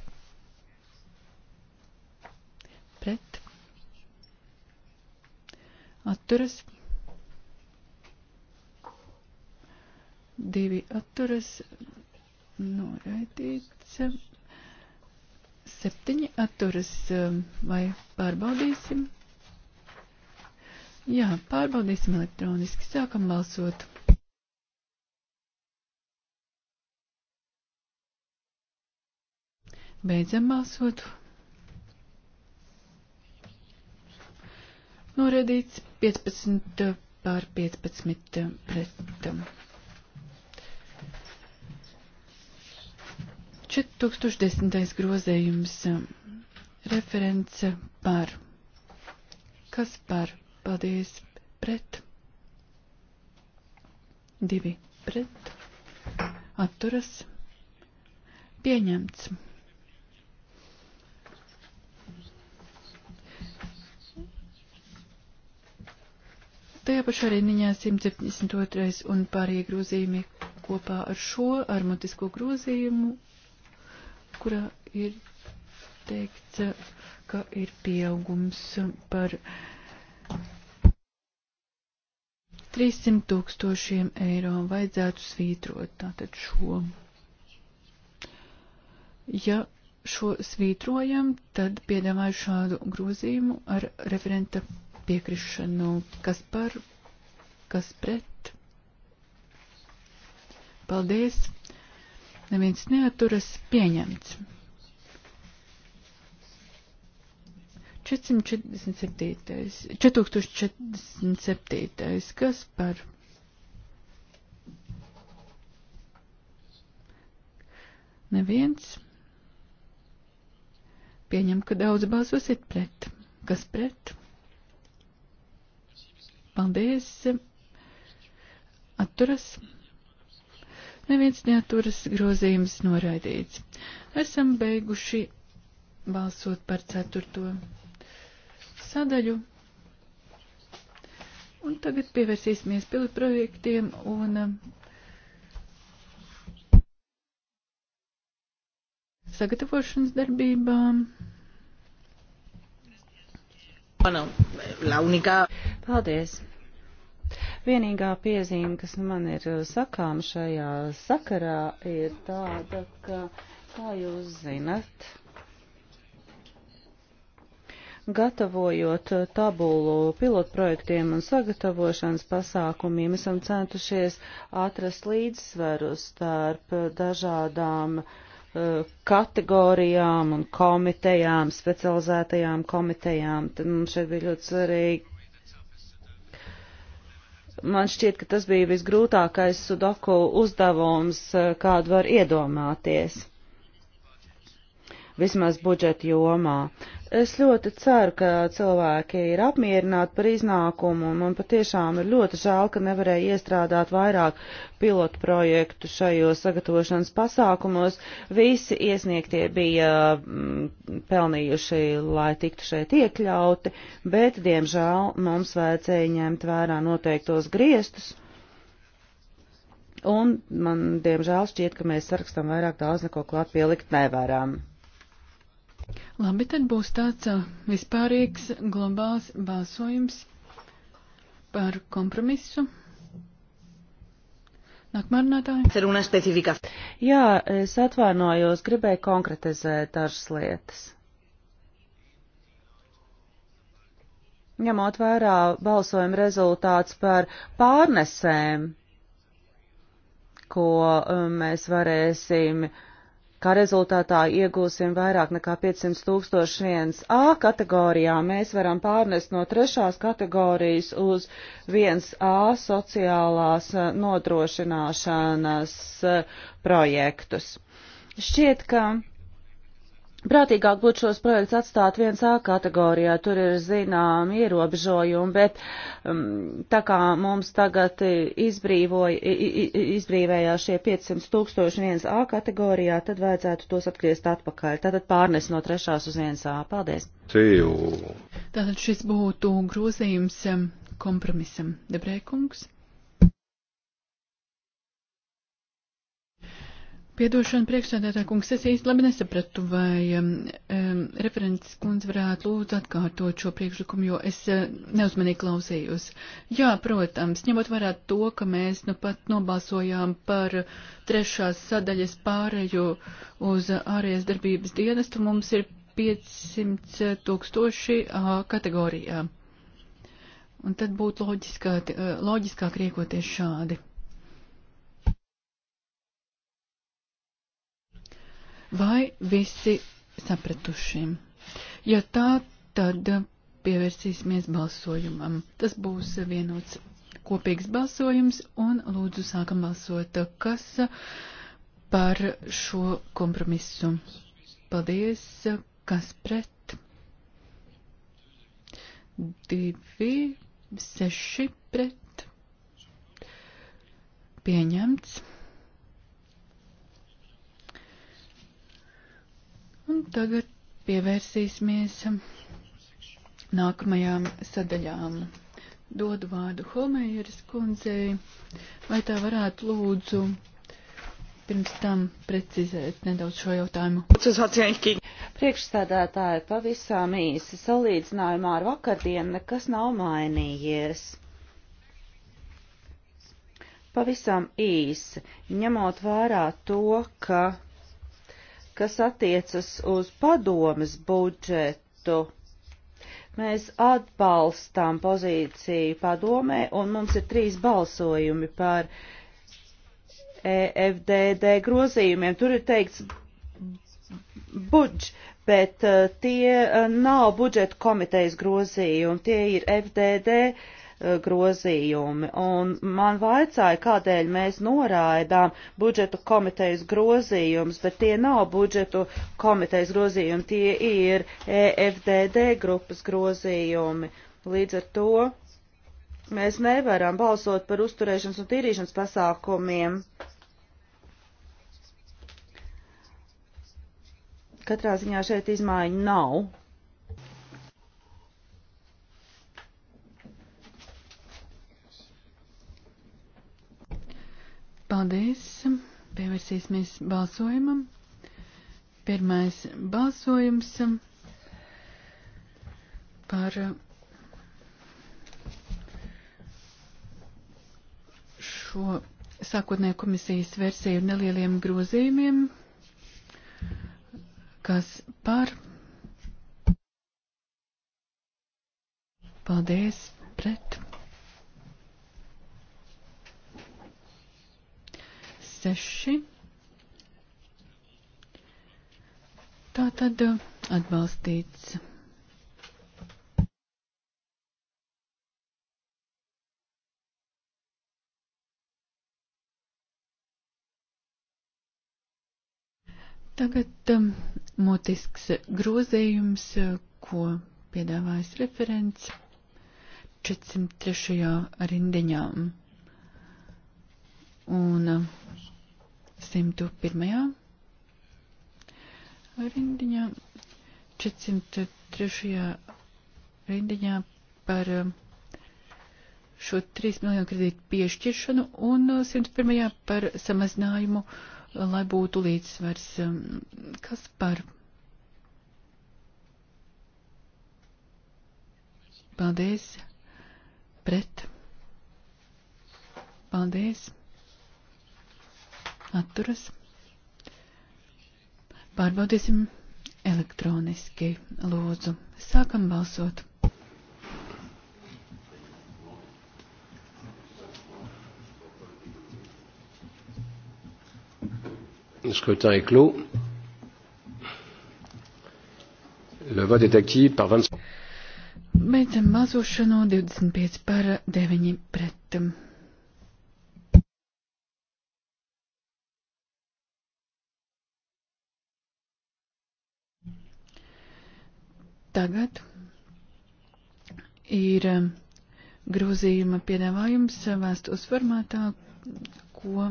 atturas. Divi atturas, noraidīts. Septiņi atturas, vai pārbaudīsim? Jā, pārbaudīsim elektroniski. Sākam balsot. Beidzam balsot. Noredīts. 15 pār 15 pret. 4010. grozējums reference par. Kas par? Paldies. Pret. Divi pret. Atturas. Pieņemts. Tajā pašā rindiņā 172. un pārējie grozījumi kopā ar šo, ar mutisko grozījumu, kurā ir teikts, ka ir pieaugums par 300 tūkstošiem eiro vajadzētu svītrot tātad šo. Ja šo svītrojam, tad piedāvāju šādu grozījumu ar referenta piekrišanu, kas par, kas pret. Paldies! Neviens neaturas pieņemts. 447. 4047. Kas par? Neviens. Pieņem, ka daudz balsosit pret. Kas pret? Paldies. Atturas. Neviens neaturas grozījums noraidīts. Esam beiguši balsot par ceturto sadaļu. Un tagad pievērsīsimies pilotprojektiem un eh, sagatavošanas darbībām. Bueno, la única. Paldies! Vienīgā piezīme, kas man ir uh, sakām šajā sakarā, ir tāda, ka, kā jūs zinat, gatavojot uh, tabulu pilotprojektiem un sagatavošanas pasākumiem, esam centušies atrast līdzsveru starp dažādām uh, kategorijām un komitejām, specializētajām komitejām. Tad mums šeit bija ļoti svarīgi man šķiet, ka tas bija visgrūtākais sudoku uzdevums, eh, kādu var iedomāties vismaz budžeta jomā. Es ļoti ceru, ka cilvēki ir apmierināti par iznākumu, un man patiešām ir ļoti žēl, ka nevarēja iestrādāt vairāk pilotu projektu šajos sagatavošanas pasākumos. Visi iesniegtie bija mm, pelnījuši, lai tiktu šeit iekļauti, bet, diemžēl, mums vajadzēja ņemt vērā noteiktos griestus un man, diemžēl, šķiet, ka mēs sarakstam vairāk daudz neko klāt pielikt nevaram. Labi, tad būs tāds vispārīgs globāls balsojums par kompromisu. Nākamārnātāji. Jā, es atvainojos, gribēju konkretizēt dažas lietas. Ņemot vērā balsojuma rezultāts par pārnesēm, ko mēs varēsim uh, kā rezultātā iegūsim vairāk nekā 500 tūkstoši viens A kategorijā. Mēs varam pārnest no trešās kategorijas uz viens A sociālās eh, nodrošināšanas eh, projektus. Šķiet, ka Prātīgāk būtu šos projektus atstāt viens A kategorijā, tur ir zinām ierobežojumi, bet um, tā kā mums tagad izbrīvoja, izbrīvējās šie 500 tūkstoši viens A kategorijā, tad vajadzētu tos atgriezt atpakaļ. Tātad pārnes no trešās uz viens A. Paldies. Cīju. Tātad šis būtu grozījums um, kompromisam. Debrēkungs. Piedošana priekšsēdētā kungs, es īsti labi nesapratu, vai um, um, referents kundze varētu lūdzu atkārtot šo priekšlikumu, jo es uh, neuzmanīgi klausījos. Jā, protams, ņemot vērā to, ka mēs nu pat nobalsojām par trešās sadaļas pāreju uz ārējas darbības dienestu, mums ir 500 uh, tūkstoši A uh, kategorijā. Un tad būtu uh, loģiskāk, loģiskāk riekoties šādi. Vai visi sapratuši? Ja tā, tad pievērsīsimies balsojumam. Tas būs vienots kopīgs balsojums un lūdzu sākam balsot, kas par šo kompromisu. Paldies, kas pret? Divi, seši pret. Pieņemts. Un tagad pievērsīsimies nākamajām sadaļām. Dodu vārdu Homēras kundzei, vai tā varētu lūdzu pirms tam precizēt nedaudz šo jautājumu. Priekšstādātāji pavisam īsi salīdzinājumā ar vakardienu nekas nav mainījies. Pavisam īsi, ņemot vērā to, ka Kas attiecas uz padomes budžetu, mēs atbalstām pozīciju padomē, un mums ir trīs balsojumi par EFDD grozījumiem. Tur ir teikts budž, bet eh, tie eh, nav budžeta komitejas grozījumi, tie ir FDD grozījumi E, grozījumi. Un man vaicāja, kādēļ mēs noraidām budžetu komitejas grozījumus, bet tie nav budžetu komitejas grozījumi, tie ir EFDD grupas grozījumi. Līdz ar to mēs nevaram balsot par uzturēšanas un tīrīšanas pasākumiem. Katrā ziņā šeit izmaiņu nav. Paldies. Pievērsīsimies balsojumam. Pirmais balsojums par šo sākotnējo komisijas versiju ar nelieliem grozījumiem, kas par. Paldies pret. 6. Tā tad uh, atbalstīts. Tagad um, motisks grozējums, uh, ko piedāvājas referents 403. rindiņām. Un um, 101. rindiņā, 403. rindiņā par eh, šo 3 miljonu kredītu piešķiršanu un 101. Eh, par samazinājumu, eh, lai būtu līdzsvars. Kas par? Paldies. Pret. Paldies atturas. Pārbaudīsim elektroniski. Lūdzu, sākam balsot. Scrutin est clos. Le vote est acquis par 25. Beidzam balsošanu 25 par 9 pret. Tagad ir um, grozījuma piedāvājums vēstules formātā, ko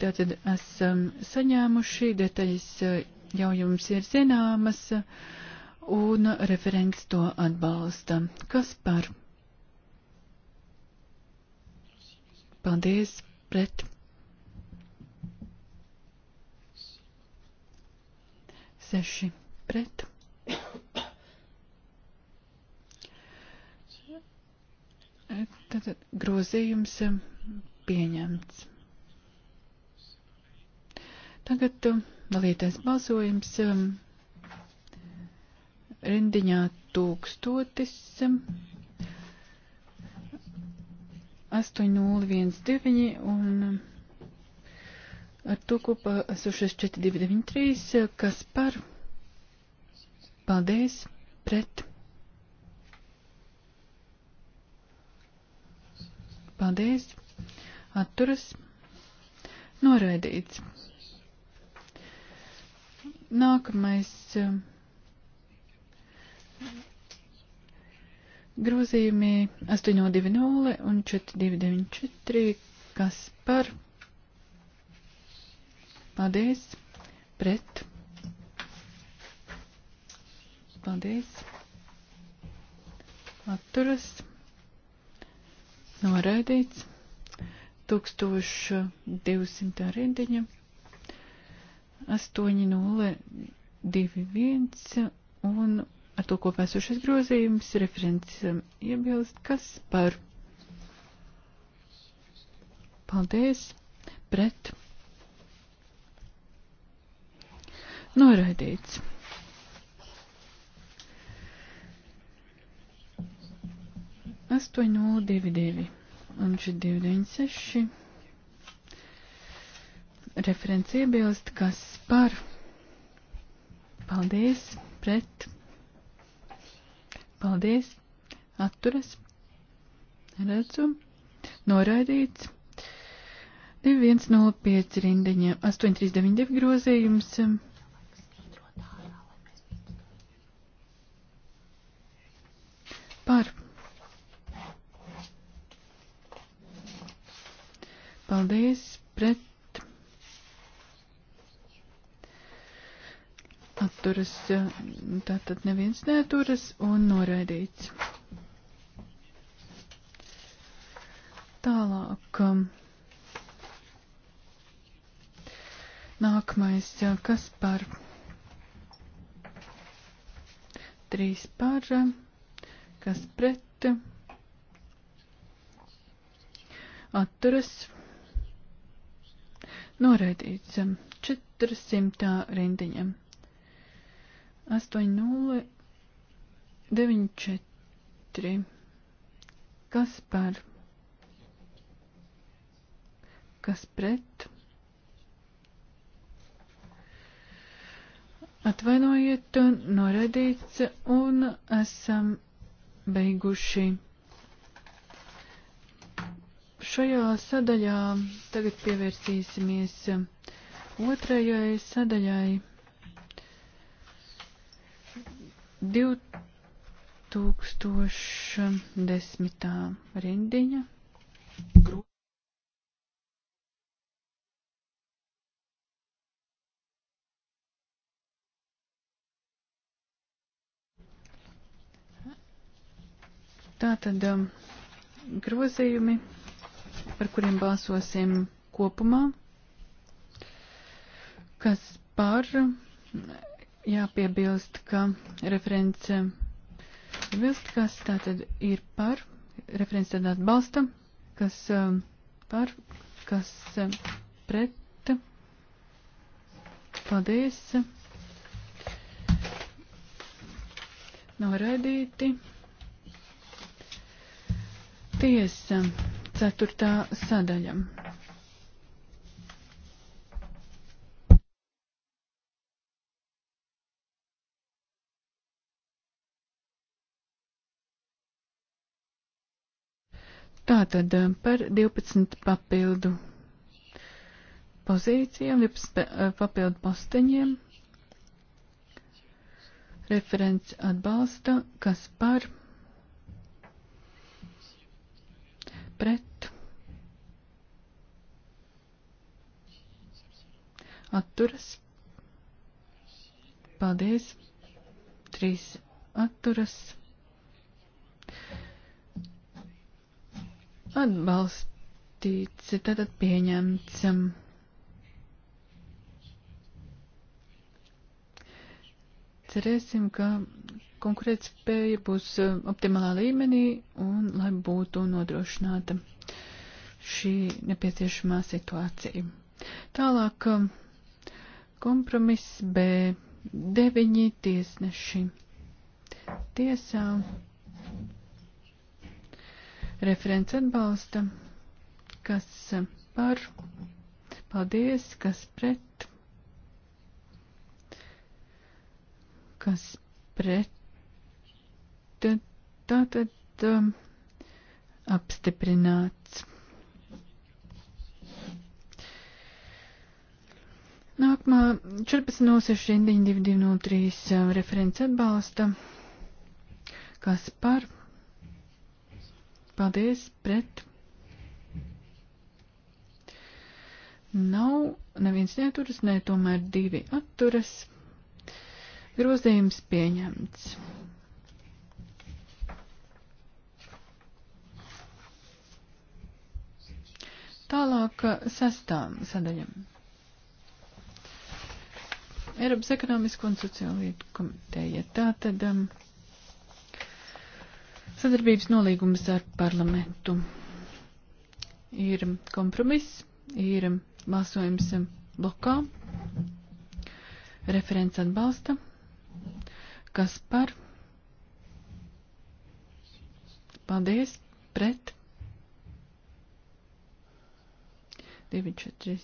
tātad esam um, saņēmuši, detaļas uh, jau jums ir zināmas, un referents to atbalsta. Kas par? Paldies, pret. Seši pret. Tad grozījums pieņemts. Tagad dalīties balsojums rindiņā tūkstotis 8019 un ar to kopā esušas 4293, kas par Paldies. Pret. Paldies. Atturas. Noraidīts. Nākamais um, grozījumi 820 un 4294, kas par. Paldies. Pret. Paldies. Atturas. Noraidīts. 1200 rindiņa. 8021 un ar to kopā esošais grozījums referents iebilst, kas par. Paldies. Pret. Noraidīts. 8022 un 296 referents iebilst, kas par paldies, pret, paldies, atturas, redzu, noraidīts, 2105 rindiņa, 8392 grozījums, atturas, nu, tātad neviens neaturas un noraidīts. Tālāk. Um, nākamais, kas par trīs par, kas pret, atturas, noraidīts 400 rindiņam. 8094. Kas par? Kas pret? Atvainojiet, noraidīts un esam beiguši. Šajā sadaļā tagad pievērsīsimies otrajai sadaļai. 2010. rindiņa. Tātad um, grozījumi, par kuriem balsosim kopumā, kas par jāpiebilst, ka referents vilst, kas tātad ir par, referents tad atbalsta, kas um, par, kas um, pret. Paldies. Noraidīti. Tiesa, ceturtā sadaļa. Tātad eh, par 12 papildu pozīcijām, 12 eh, papildu posteņiem. Referents atbalsta, kas par pret atturas. Paldies. Trīs atturas. Atbalstīts, tātad pieņemts. Um, cerēsim, ka konkurētspēja būs um, optimālā līmenī un lai būtu nodrošināta šī nepieciešamā situācija. Tālāk um, kompromiss B. Deviņi tiesneši tiesā Referents atbalsta. Kas par? Paldies. Kas pret? Kas pret? Tātad um, apstiprināts. Nākamā 14.06.2203 uh, referents atbalsta. Kas par? Paldies, pret. Nav, neviens neaturas, ne, tomēr divi atturas. Grozījums pieņemts. Tālāk sestām sadaļam. Eiropas ekonomisko un sociālītu komiteja. Tātad. Um, Sadarbības nolīgums ar parlamentu ir kompromiss, ir balsojums blokā, referents atbalsta, kas par, paldies, pret, 2, 4,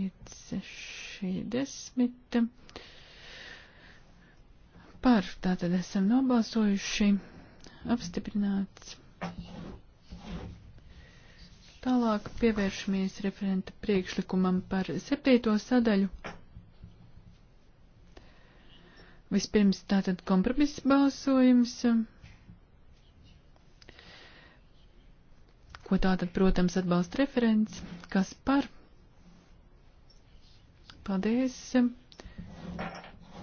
5, 6, 10, par, tātad esam nobalsojuši apstiprināts. Tālāk pievēršamies referenta priekšlikumam par septīto sadaļu. Vispirms tātad kompromiss balsojums. ko tātad, protams, atbalsta referents, kas par. Paldies.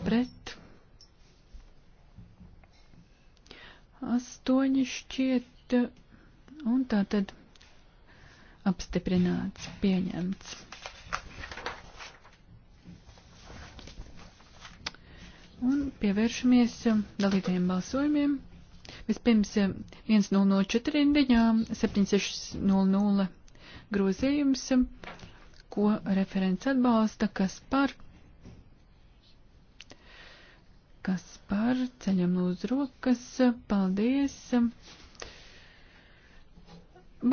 Pret. astoņi šķiet, un tā tad apstiprināts, pieņemts. Un pievēršamies dalītajiem balsojumiem. Vispirms 1004 indiņā 7600 grozījums, ko referents atbalsta, kas par kas par ceļam lūdzu rokas. Paldies!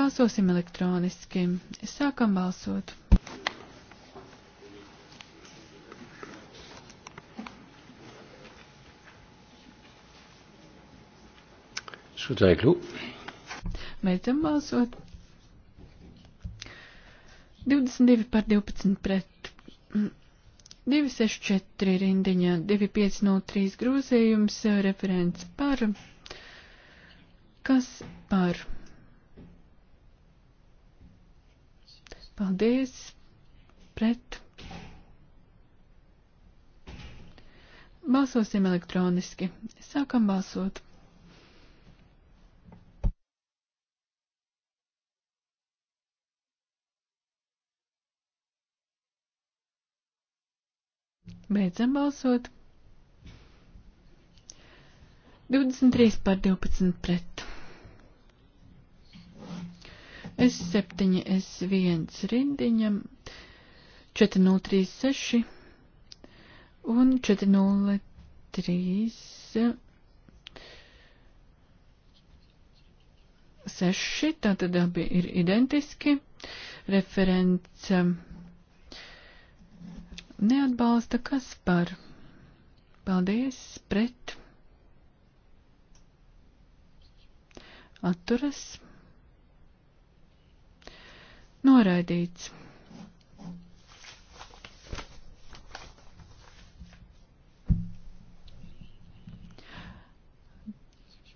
Balsosim elektroniski. Sākam balsot. Skutēklu. Beidzam balsot. 22 par 12 pret. 264 rindiņā 2503 grūzījums referents par. Kas par? Paldies. Pret. Balsosim elektroniski. Sākam balsot. Beidzam balsot. 23 par 12 pret. S7, S1 rindiņam, 4036 un 403. 6, tātad abi ir identiski. Referents um, Neatbalsta kas par? Paldies, pret. Atturas. Noraidīts.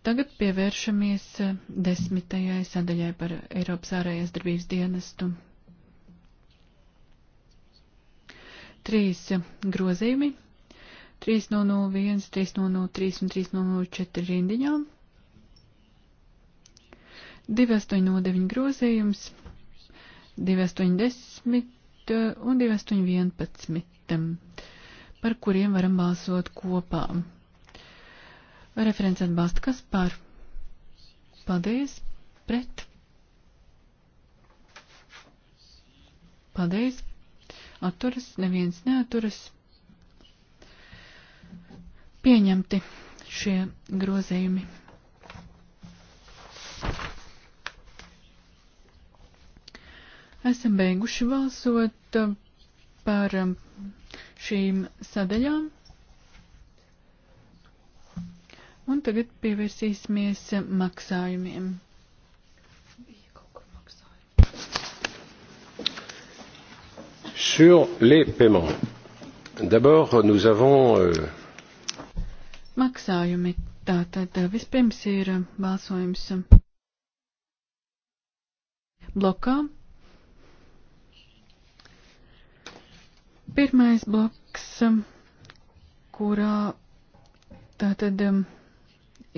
Tagad pievēršamies eh, desmitajai sadaļai par Eiropas ārējās darbības dienestu. trīs grozījumi. 3.01, 3.03 un 3.04 rindiņām. 2.809 grozījums, 2.810 eh, un 2.811, eh, par kuriem varam balsot kopā. Referents atbalsta kas par? Paldies! Pret! Paldies! atturas, neviens neaturas. Pieņemti šie grozējumi. Esam beiguši balsot uh, par um, šīm sadaļām. Un tagad pievērsīsimies uh, maksājumiem. sur les paiements. D'abord, nous avons. Euh... Maksājumi. Tātad uh, vispirms ir uh, balsojums blokā. Pirmais bloks, um, kurā tātad um,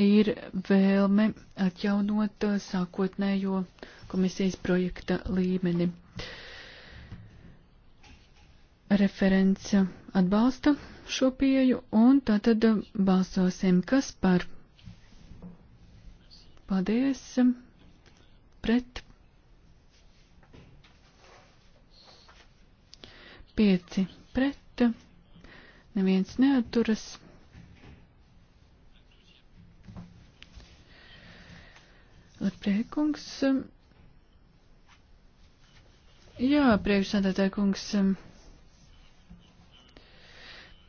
ir vēlme atjaunot uh, sākotnējo komisijas projekta līmeni. Uh, Referents atbalsta šo pieju un tātad balsosim, kas par. Paldies. Pret. Pieci pret. Neviens neaturas. Latpriekungs. Jā, priekšsādātāja kungs. Jā,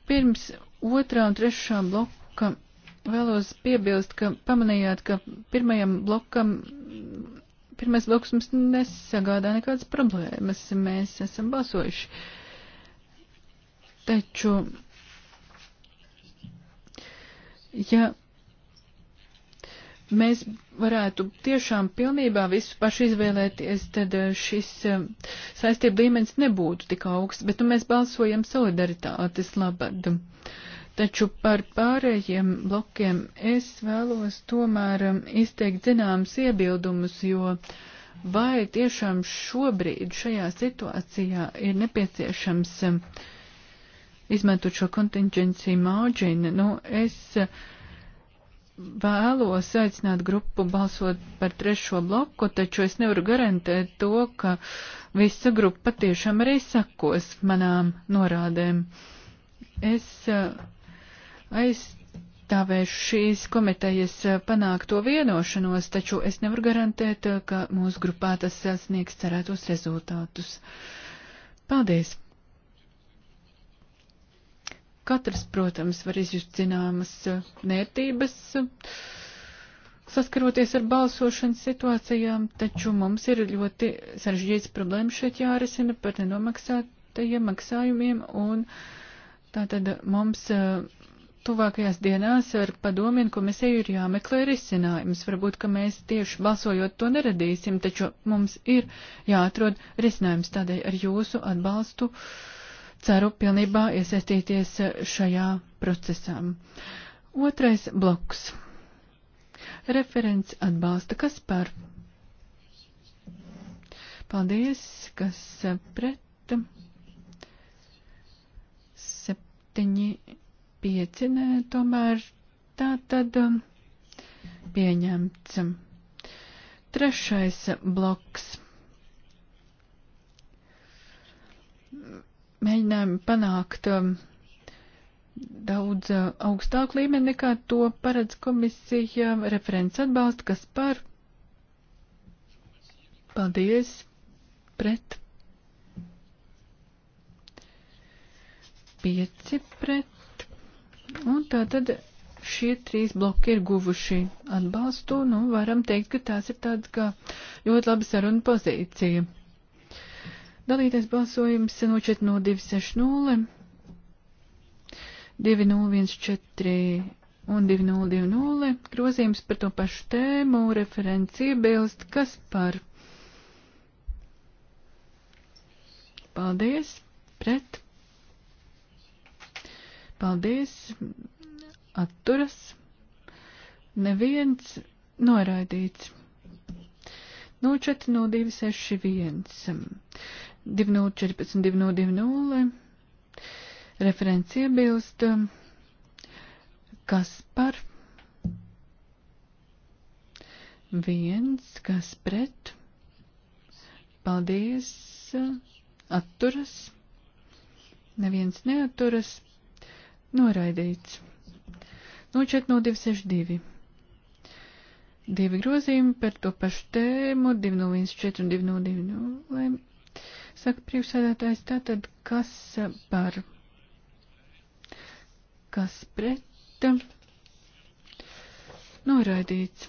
Pirms otrā un trešā bloka vēlos piebilst, ka pamanījāt, ka pirmajam blokam, pirmais bloks mums nesagādā nekādas problēmas. Mēs esam balsojuši. Taču, ja mēs varētu tiešām pilnībā visu paši izvēlēties, tad eh, šis eh, saistība līmenis nebūtu tik augsts, bet nu, mēs balsojam solidaritātes labad. Taču par pārējiem blokiem es vēlos tomēr eh, izteikt zināmas iebildumus, jo vai tiešām šobrīd šajā situācijā ir nepieciešams izmantot šo contingency margin, nu es uh, vēlos aicināt grupu balsot par trešo bloku, taču es nevaru garantēt to, ka visa grupa tiešām arī sakos manām norādēm. Es eh, aizstāvēšu šīs komitejas eh, panākto vienošanos, taču es nevaru garantēt, eh, ka mūsu grupā tas sasniegs cerētos rezultātus. Paldies! Katrs, protams, var izjust zināmas eh, nērtības, eh, saskaroties ar balsošanas situācijām, taču mums ir ļoti sarežģīts problēmas šeit jārisina par nenomaksātajiem maksājumiem, un tātad mums eh, tuvākajās dienās ar padomu un komisiju ir jāmeklē risinājums. Varbūt, ka mēs tieši balsojot to neradīsim, taču mums ir jāatrod risinājums. Tādēļ ar jūsu atbalstu uh, ceru pilnībā iesaistīties šajā procesā. Otrais bloks. Referents atbalsta kas par? Paldies, kas pret? Septiņi, pieci, nē, tomēr tā tad pieņemts. Trešais bloks mēģinājumi panākt um, daudz uh, augstāku līmeni nekā to paredz komisija referents atbalsta, kas par. Paldies. Pret. Pieci pret. Un tā tad šie trīs bloki ir guvuši atbalstu. Nu, varam teikt, ka tās ir tādas kā ļoti laba saruna pozīcija. Dalītais balsojums nošķiet no 260, 2014 un 2020. Grozījums par to pašu tēmu referents iebilst, kas par. Paldies, pret. Paldies, atturas. Neviens noraidīts. 040261. 2014, 220. Referents iebilst. Kas par? Viens, kas pret? Paldies. Atturas. Neviens neaturas. Noraidīts. No 4062. Divi grozījumi par to pašu tēmu, 204 un 202. Saka priekšsēdētājs, tātad kas par, kas pret, noraidīts.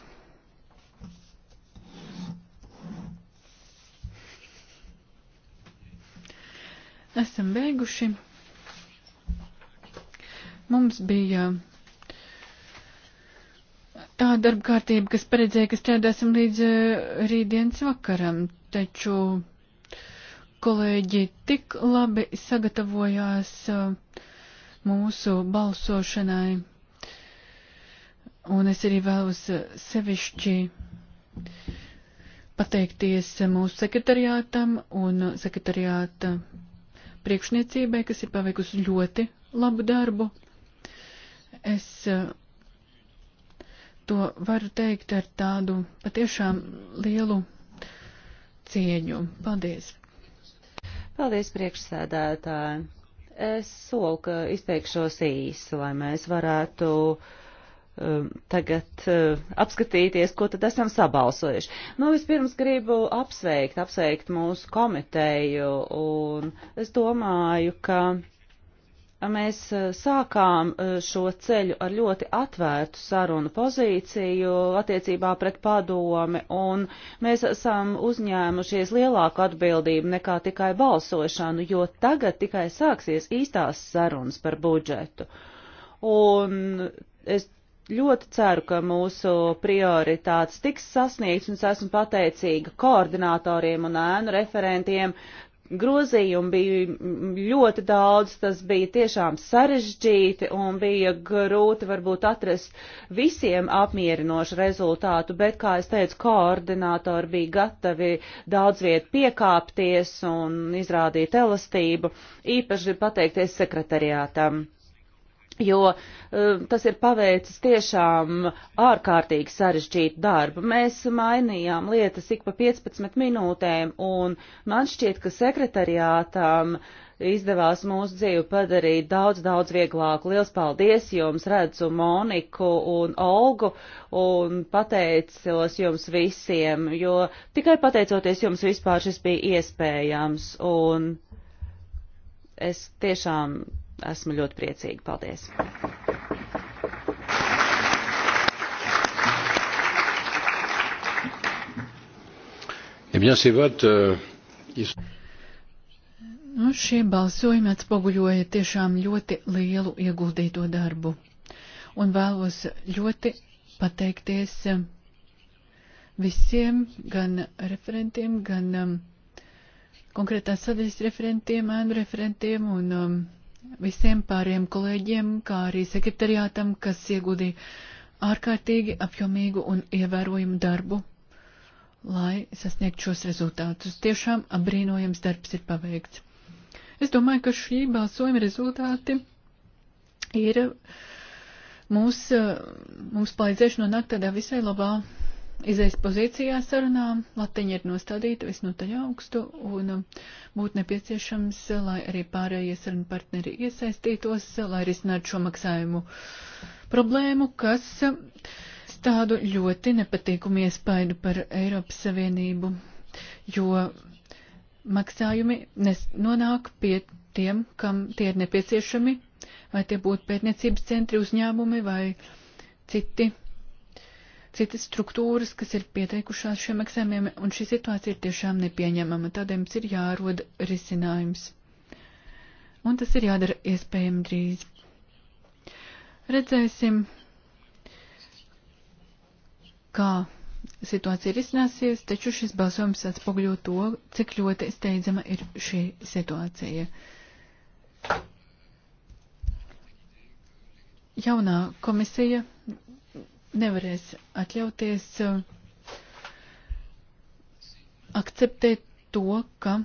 Esam beiguši. Mums bija tā darba kārtība, kas paredzēja, ka strādāsim līdz eh, rītdienas vakaram, taču kolēģi tik labi sagatavojās uh, mūsu balsošanai. Un es arī vēlos uh, sevišķi pateikties uh, mūsu sekretariātam un sekretariāta priekšniecībai, kas ir paveikusi ļoti labu darbu. Es to varu teikt ar tādu patiešām lielu cieņu. Paldies! Paldies, priekšsēdētāji. Es solu, ka izteikšos īsi, lai mēs varētu um, tagad uh, apskatīties, ko tad esam sabalsojuši. Nu, vispirms gribu apsveikt, apsveikt mūsu komiteju, un es domāju, ka mēs eh, sākām eh, šo ceļu ar ļoti atvērtu sarunu pozīciju attiecībā pret padomi, un mēs esam uzņēmušies lielāku atbildību nekā tikai balsošanu, jo tagad tikai sāksies īstās sarunas par budžetu. Un es ļoti ceru, ka mūsu prioritātes tiks sasniegts, un es esmu pateicīga koordinatoriem un ēnu referentiem, grozījumu bija ļoti daudz, tas bija tiešām sarežģīti un bija grūti varbūt atrast visiem apmierinošu rezultātu, bet, kā es teicu, koordinātori bija gatavi daudz viet piekāpties un izrādīt elastību. Īpaši pateikties sekretariātam jo eh, tas ir paveicis tiešām ārkārtīgi sarežģītu darbu. Mēs mainījām lietas ik pa 15 minūtēm, un man šķiet, ka sekretariātām izdevās mūsu dzīvi padarīt daudz, daudz vieglāku. Liels paldies jums, redzu Moniku un Olgu, un pateicos jums visiem, jo tikai pateicoties jums vispār šis bija iespējams, un es tiešām esmu ļoti priecīga. Paldies! Eh bien, ces votes, euh, ils sont... Nu, šie balsojumi atspoguļoja tiešām ļoti lielu ieguldīto darbu. Un vēlos ļoti pateikties eh, visiem, gan referentiem, gan um, konkrētās sadaļas referentiem, ēnu referentiem un um, visiem pāriem kolēģiem, kā arī sekretariātam, kas ieguldīja ārkārtīgi apjomīgu un ievērojumu darbu, lai sasniegtu šos rezultātus. Tiešām apbrīnojams darbs ir paveikts. Es domāju, ka šī balsojuma rezultāti ir mūs, mums palīdzējuši nonākt tādā visai labā izējas pozīcijā sarunā latiņa ir nostādīta visnotaļ augstu un um, būtu nepieciešams, lai arī pārējie sarunu partneri iesaistītos, lai risinātu šo maksājumu problēmu, kas um, tādu ļoti nepatīkumu iespaidu par Eiropas Savienību, jo maksājumi nonāk pie tiem, kam tie ir nepieciešami, vai tie būtu pētniecības centri uzņēmumi vai citi citas struktūras, kas ir pieteikušās šiem eksāmiem, un šī situācija ir tiešām nepieņemama. Tādēļ mums ir jāroda risinājums. Un tas ir jādara iespējami drīz. Redzēsim, kā situācija ir izcināsies, taču šis balsojums atspoguļo to, cik ļoti steidzama ir šī situācija. Jaunā komisija nevarēs atļauties uh, akceptēt to, ka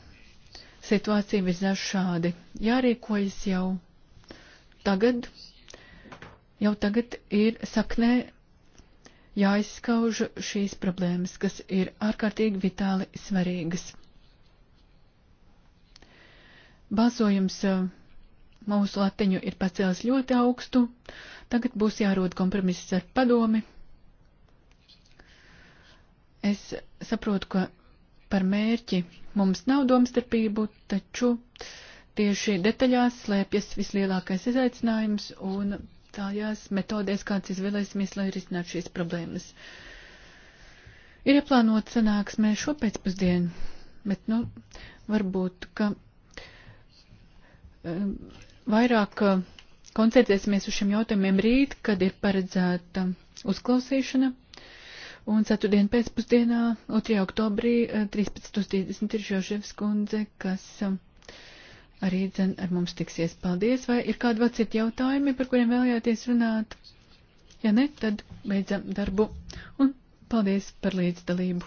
situācija vismaz šādi. Jārīkojas jau tagad, jau tagad ir saknē jāizskauž šīs problēmas, kas ir ārkārtīgi vitāli svarīgas. Balsojums uh, mūsu latiņu ir pacēlis ļoti augstu, tagad būs jārod kompromiss ar padomi. Es saprotu, ka par mērķi mums nav domstarpību, taču tieši detaļās slēpjas vislielākais izaicinājums un tājās metodēs, kāds izvēlēsimies, lai risinātu šīs problēmas. Ir ieplānota sanāksmē šo pēcpusdienu, bet, nu, varbūt, ka um, vairāk eh, koncentrēsimies uz šiem jautājumiem rīt, kad ir paredzēta uzklausīšana. Un ceturtdien pēcpusdienā, 2. oktobrī, 13.30 ir Žoževs kundze, kas eh, arī dzen ar mums tiksies. Paldies! Vai ir kādi vēl citi jautājumi, par kuriem vēlējāties runāt? Ja ne, tad beidzam darbu un paldies par līdzdalību.